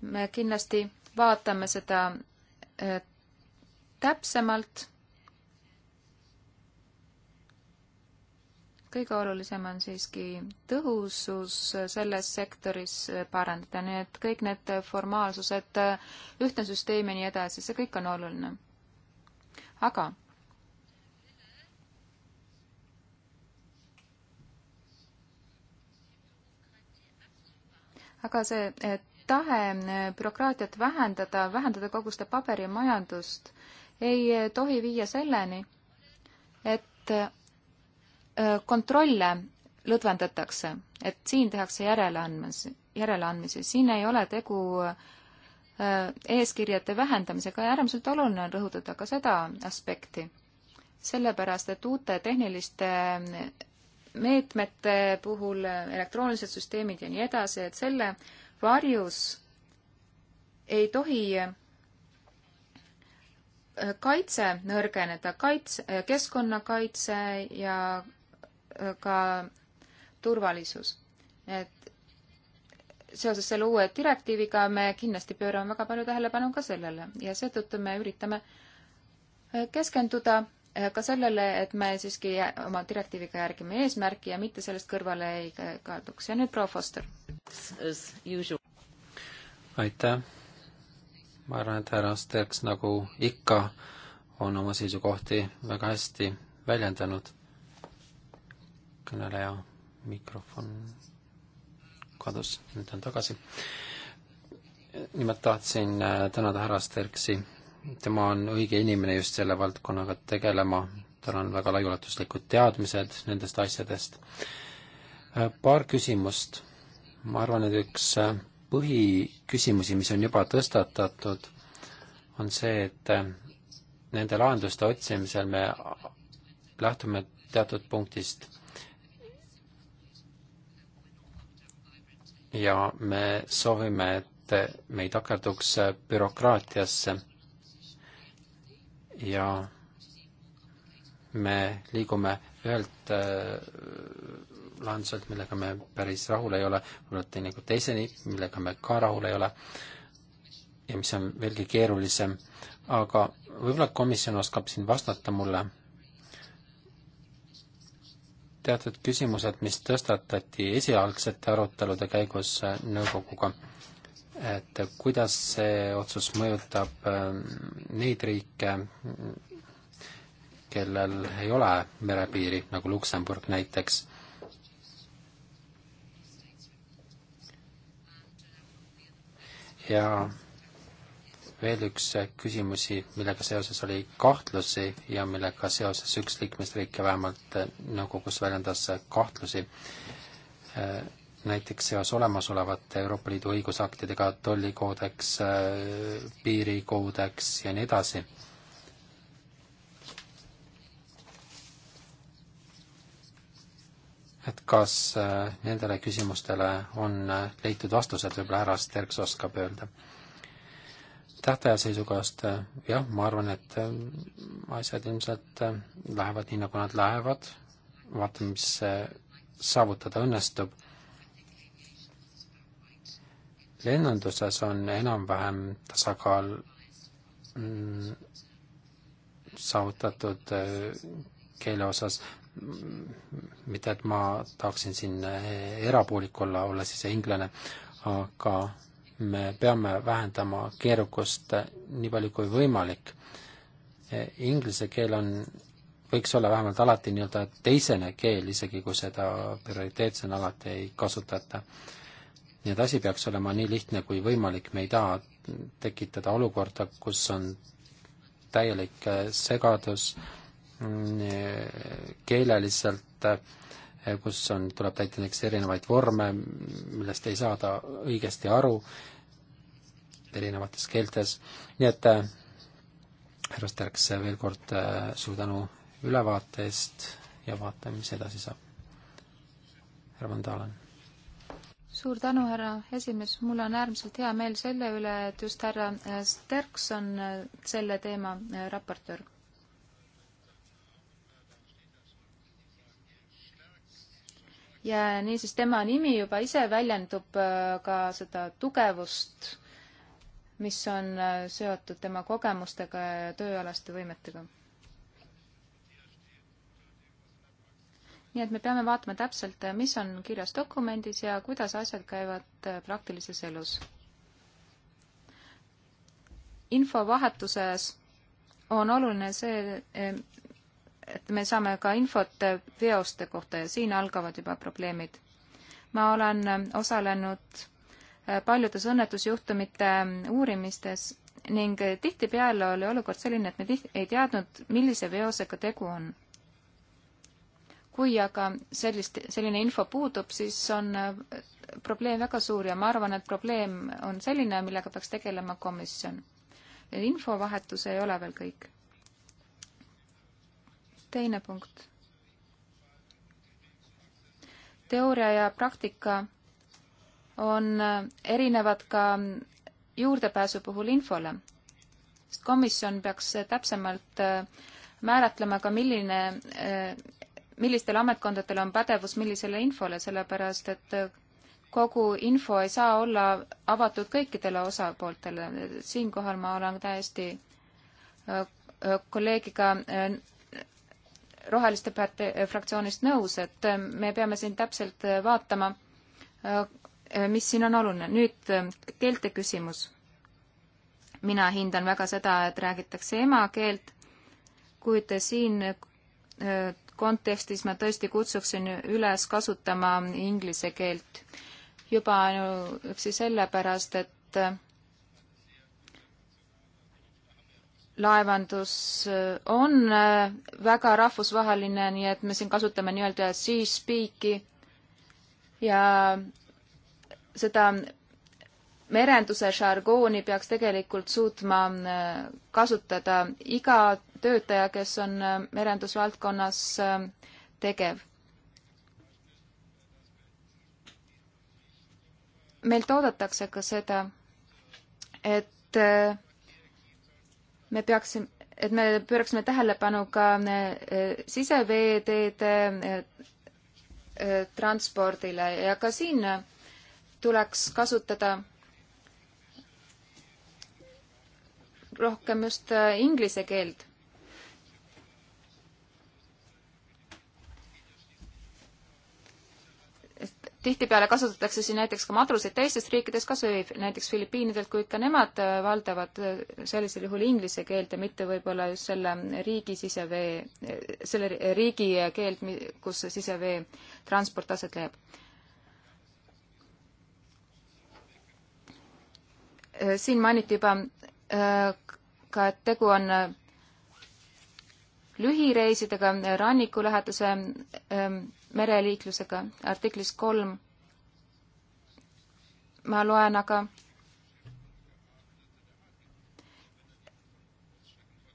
me kindlasti vaatame seda äh, täpsemalt. kõige olulisem on siiski tõhusus selles sektoris äh, parandada, nii et kõik need äh, formaalsused, ühtne süsteem ja nii edasi, see kõik on oluline. aga aga see tahe eh, bürokraatiat vähendada, vähendada kogu seda paberimajandust, ei eh, tohi viia selleni, et eh, kontrolle lõdvendatakse, et siin tehakse järeleandmisi, järeleandmisi, siin ei ole tegu eeskirjade vähendamisega ja äärmiselt oluline on rõhutada ka seda aspekti. sellepärast, et uute tehniliste meetmete puhul, elektroonilised süsteemid ja nii edasi, et selle varjus ei tohi äh, kaitse nõrgeneda, kaitse, äh, keskkonnakaitse ja äh, ka turvalisus. et seoses selle uue direktiiviga me kindlasti pöörame väga palju tähelepanu ka sellele ja seetõttu me üritame keskenduda Eh, ka sellele, et me siiski oma direktiiviga järgime eesmärki ja mitte sellest kõrvale ei kalduks. ja nüüd proua Foster. aitäh. ma arvan, et härra Sterks nagu ikka on oma seisukohti väga hästi väljendanud. kõneleja mikrofon kadus, nüüd on tagasi. nimelt tahtsin eh, tänada härra Sterksi tema on õige inimene just selle valdkonnaga tegelema, tal on väga laiaulatuslikud teadmised nendest asjadest. Äh, paar küsimust. ma arvan, et üks äh, põhiküsimusi, mis on juba tõstatatud, on see, et äh, nende lahenduste otsimisel me lähtume teatud punktist ja me soovime, et me ei takerduks bürokraatiasse ja me liigume ühelt äh, lahenduselt, millega me päris rahul ei ole, võib-olla teinekord teiseni, millega me ka rahul ei ole ja mis on veelgi keerulisem, aga võib-olla komisjon oskab siin vastata mulle. teatud küsimused, mis tõstatati esialgsete arutelude käigus äh, nõukoguga et kuidas see otsus mõjutab ähm, neid riike, kellel ei ole merepiiri, nagu Luksemburg näiteks. ja veel üks küsimusi, millega seoses oli kahtlusi ja millega seoses üks liikmesriike vähemalt äh, nõukogus väljendas kahtlusi äh, näiteks seos olemasolevate Euroopa Liidu õigusaktidega, tollikoodeks, äh, piirikoodeks ja nii edasi. et kas äh, nendele küsimustele on äh, leitud vastused, võib-olla härra Sterks oskab öelda. tähtaja seisukohast jah, ma arvan, et asjad ilmselt lähevad nii, nagu nad lähevad, vaatame, mis saavutada õnnestub lennunduses on enam-vähem tasakaal mm, saavutatud äh, keele osas, mitte et ma tahaksin siin äh, erapoolik olla, olla siis inglane, aga me peame vähendama keerukust äh, nii palju kui võimalik. Inglise keel on, võiks olla vähemalt alati nii-öelda teisene keel, isegi kui seda prioriteetsena alati ei kasutata nii et asi peaks olema nii lihtne kui võimalik, me ei taha tekitada olukorda, kus on täielik äh, segadus mm, äh, keeleliselt, äh, kus on, tuleb täita näiteks erinevaid vorme, millest ei saada õigesti aru erinevates keeltes, nii et härra Sterks, veel kord suur tänu ülevaate eest ja vaatame, mis edasi saab. härra Van Dalen suur tänu, härra esimees, mul on äärmiselt hea meel selle üle, et just härra äh, Sterks on äh, selle teema äh, raportöör. ja niisiis tema nimi juba ise väljendub ka seda tugevust, mis on seotud tema kogemustega ja tööalaste võimetega nii et me peame vaatama täpselt, mis on kirjas dokumendis ja kuidas asjad käivad äh, praktilises elus. infovahetuses on oluline see, et me saame ka infot äh, veoste kohta ja siin algavad juba probleemid. ma olen äh, osalenud paljudes õnnetusjuhtumite ähm, uurimistes ning tihtipeale oli olukord selline, et me tiht-, ei teadnud, millise veosega tegu on kui aga sellist, selline info puudub, siis on äh, probleem väga suur ja ma arvan, et probleem on selline, millega peaks tegelema komisjon. infovahetus ei ole veel kõik. teine punkt. teooria ja praktika on äh, erinevad ka juurdepääsu puhul infole, sest komisjon peaks täpsemalt äh, määratlema ka, milline millistel ametkondadel on pädevus millisele infole, sellepärast et kogu info ei saa olla avatud kõikidele osapooltele. siinkohal ma olen täiesti äh, äh, kolleegiga äh, Roheliste partei fraktsioonist nõus, et me peame siin täpselt vaatama, mis siin on oluline. nüüd keelte küsimus. mina hindan väga seda, et räägitakse emakeelt, kuid siin kontekstis ma tõesti kutsuksin üles kasutama inglise keelt juba üksi sellepärast, et laevandus on väga rahvusvaheline, nii et me siin kasutame nii-öelda sea speak'i ja seda merenduse žargooni peaks tegelikult suutma kasutada iga töötaja, kes on äh, merendusvaldkonnas äh, tegev. meilt oodatakse ka seda, et äh, me peaksime, et me pööraksime tähelepanu ka siseveeteede transpordile ja ka siin tuleks kasutada rohkem just inglise keelt. tihtipeale kasutatakse siin näiteks ka madruseid teistest riikidest, kas või näiteks Filipiinidelt, kuid ka nemad äh, valdavad äh, sellisel juhul inglise keelt ja mitte võib-olla just selle riigi sisevee, äh, selle riigi keelt, kus sisevee transport aset leiab. siin mainiti juba ka, et tegu on lühireisidega rannikulähetuse mereliiklusega. artiklis kolm ma loen aga,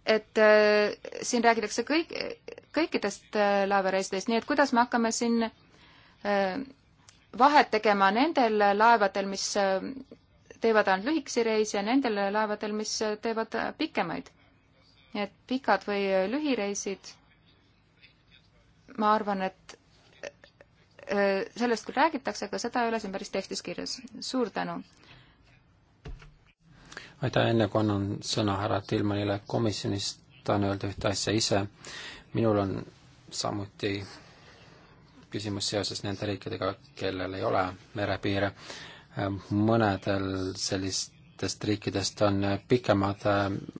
et äh, siin räägitakse kõik, kõikidest äh, laevareisidest, nii et kuidas me hakkame siin äh, vahet tegema nendel laevadel, mis äh, teevad ainult lühikesi reise ja nendel laevadel, mis äh, teevad äh, pikemaid. nii et pikad või äh, lühireisid, ma arvan, et Äh, sellest küll räägitakse, aga seda ei ole siin päris tekstis kirjas. suur tänu! aitäh, enne kui annan sõna härra Tilmanile komisjonist, tahan öelda ühte asja ise. minul on samuti küsimus seoses nende riikidega, kellel ei ole merepiire. Äh, mõnedel sellistest riikidest on pikemad äh,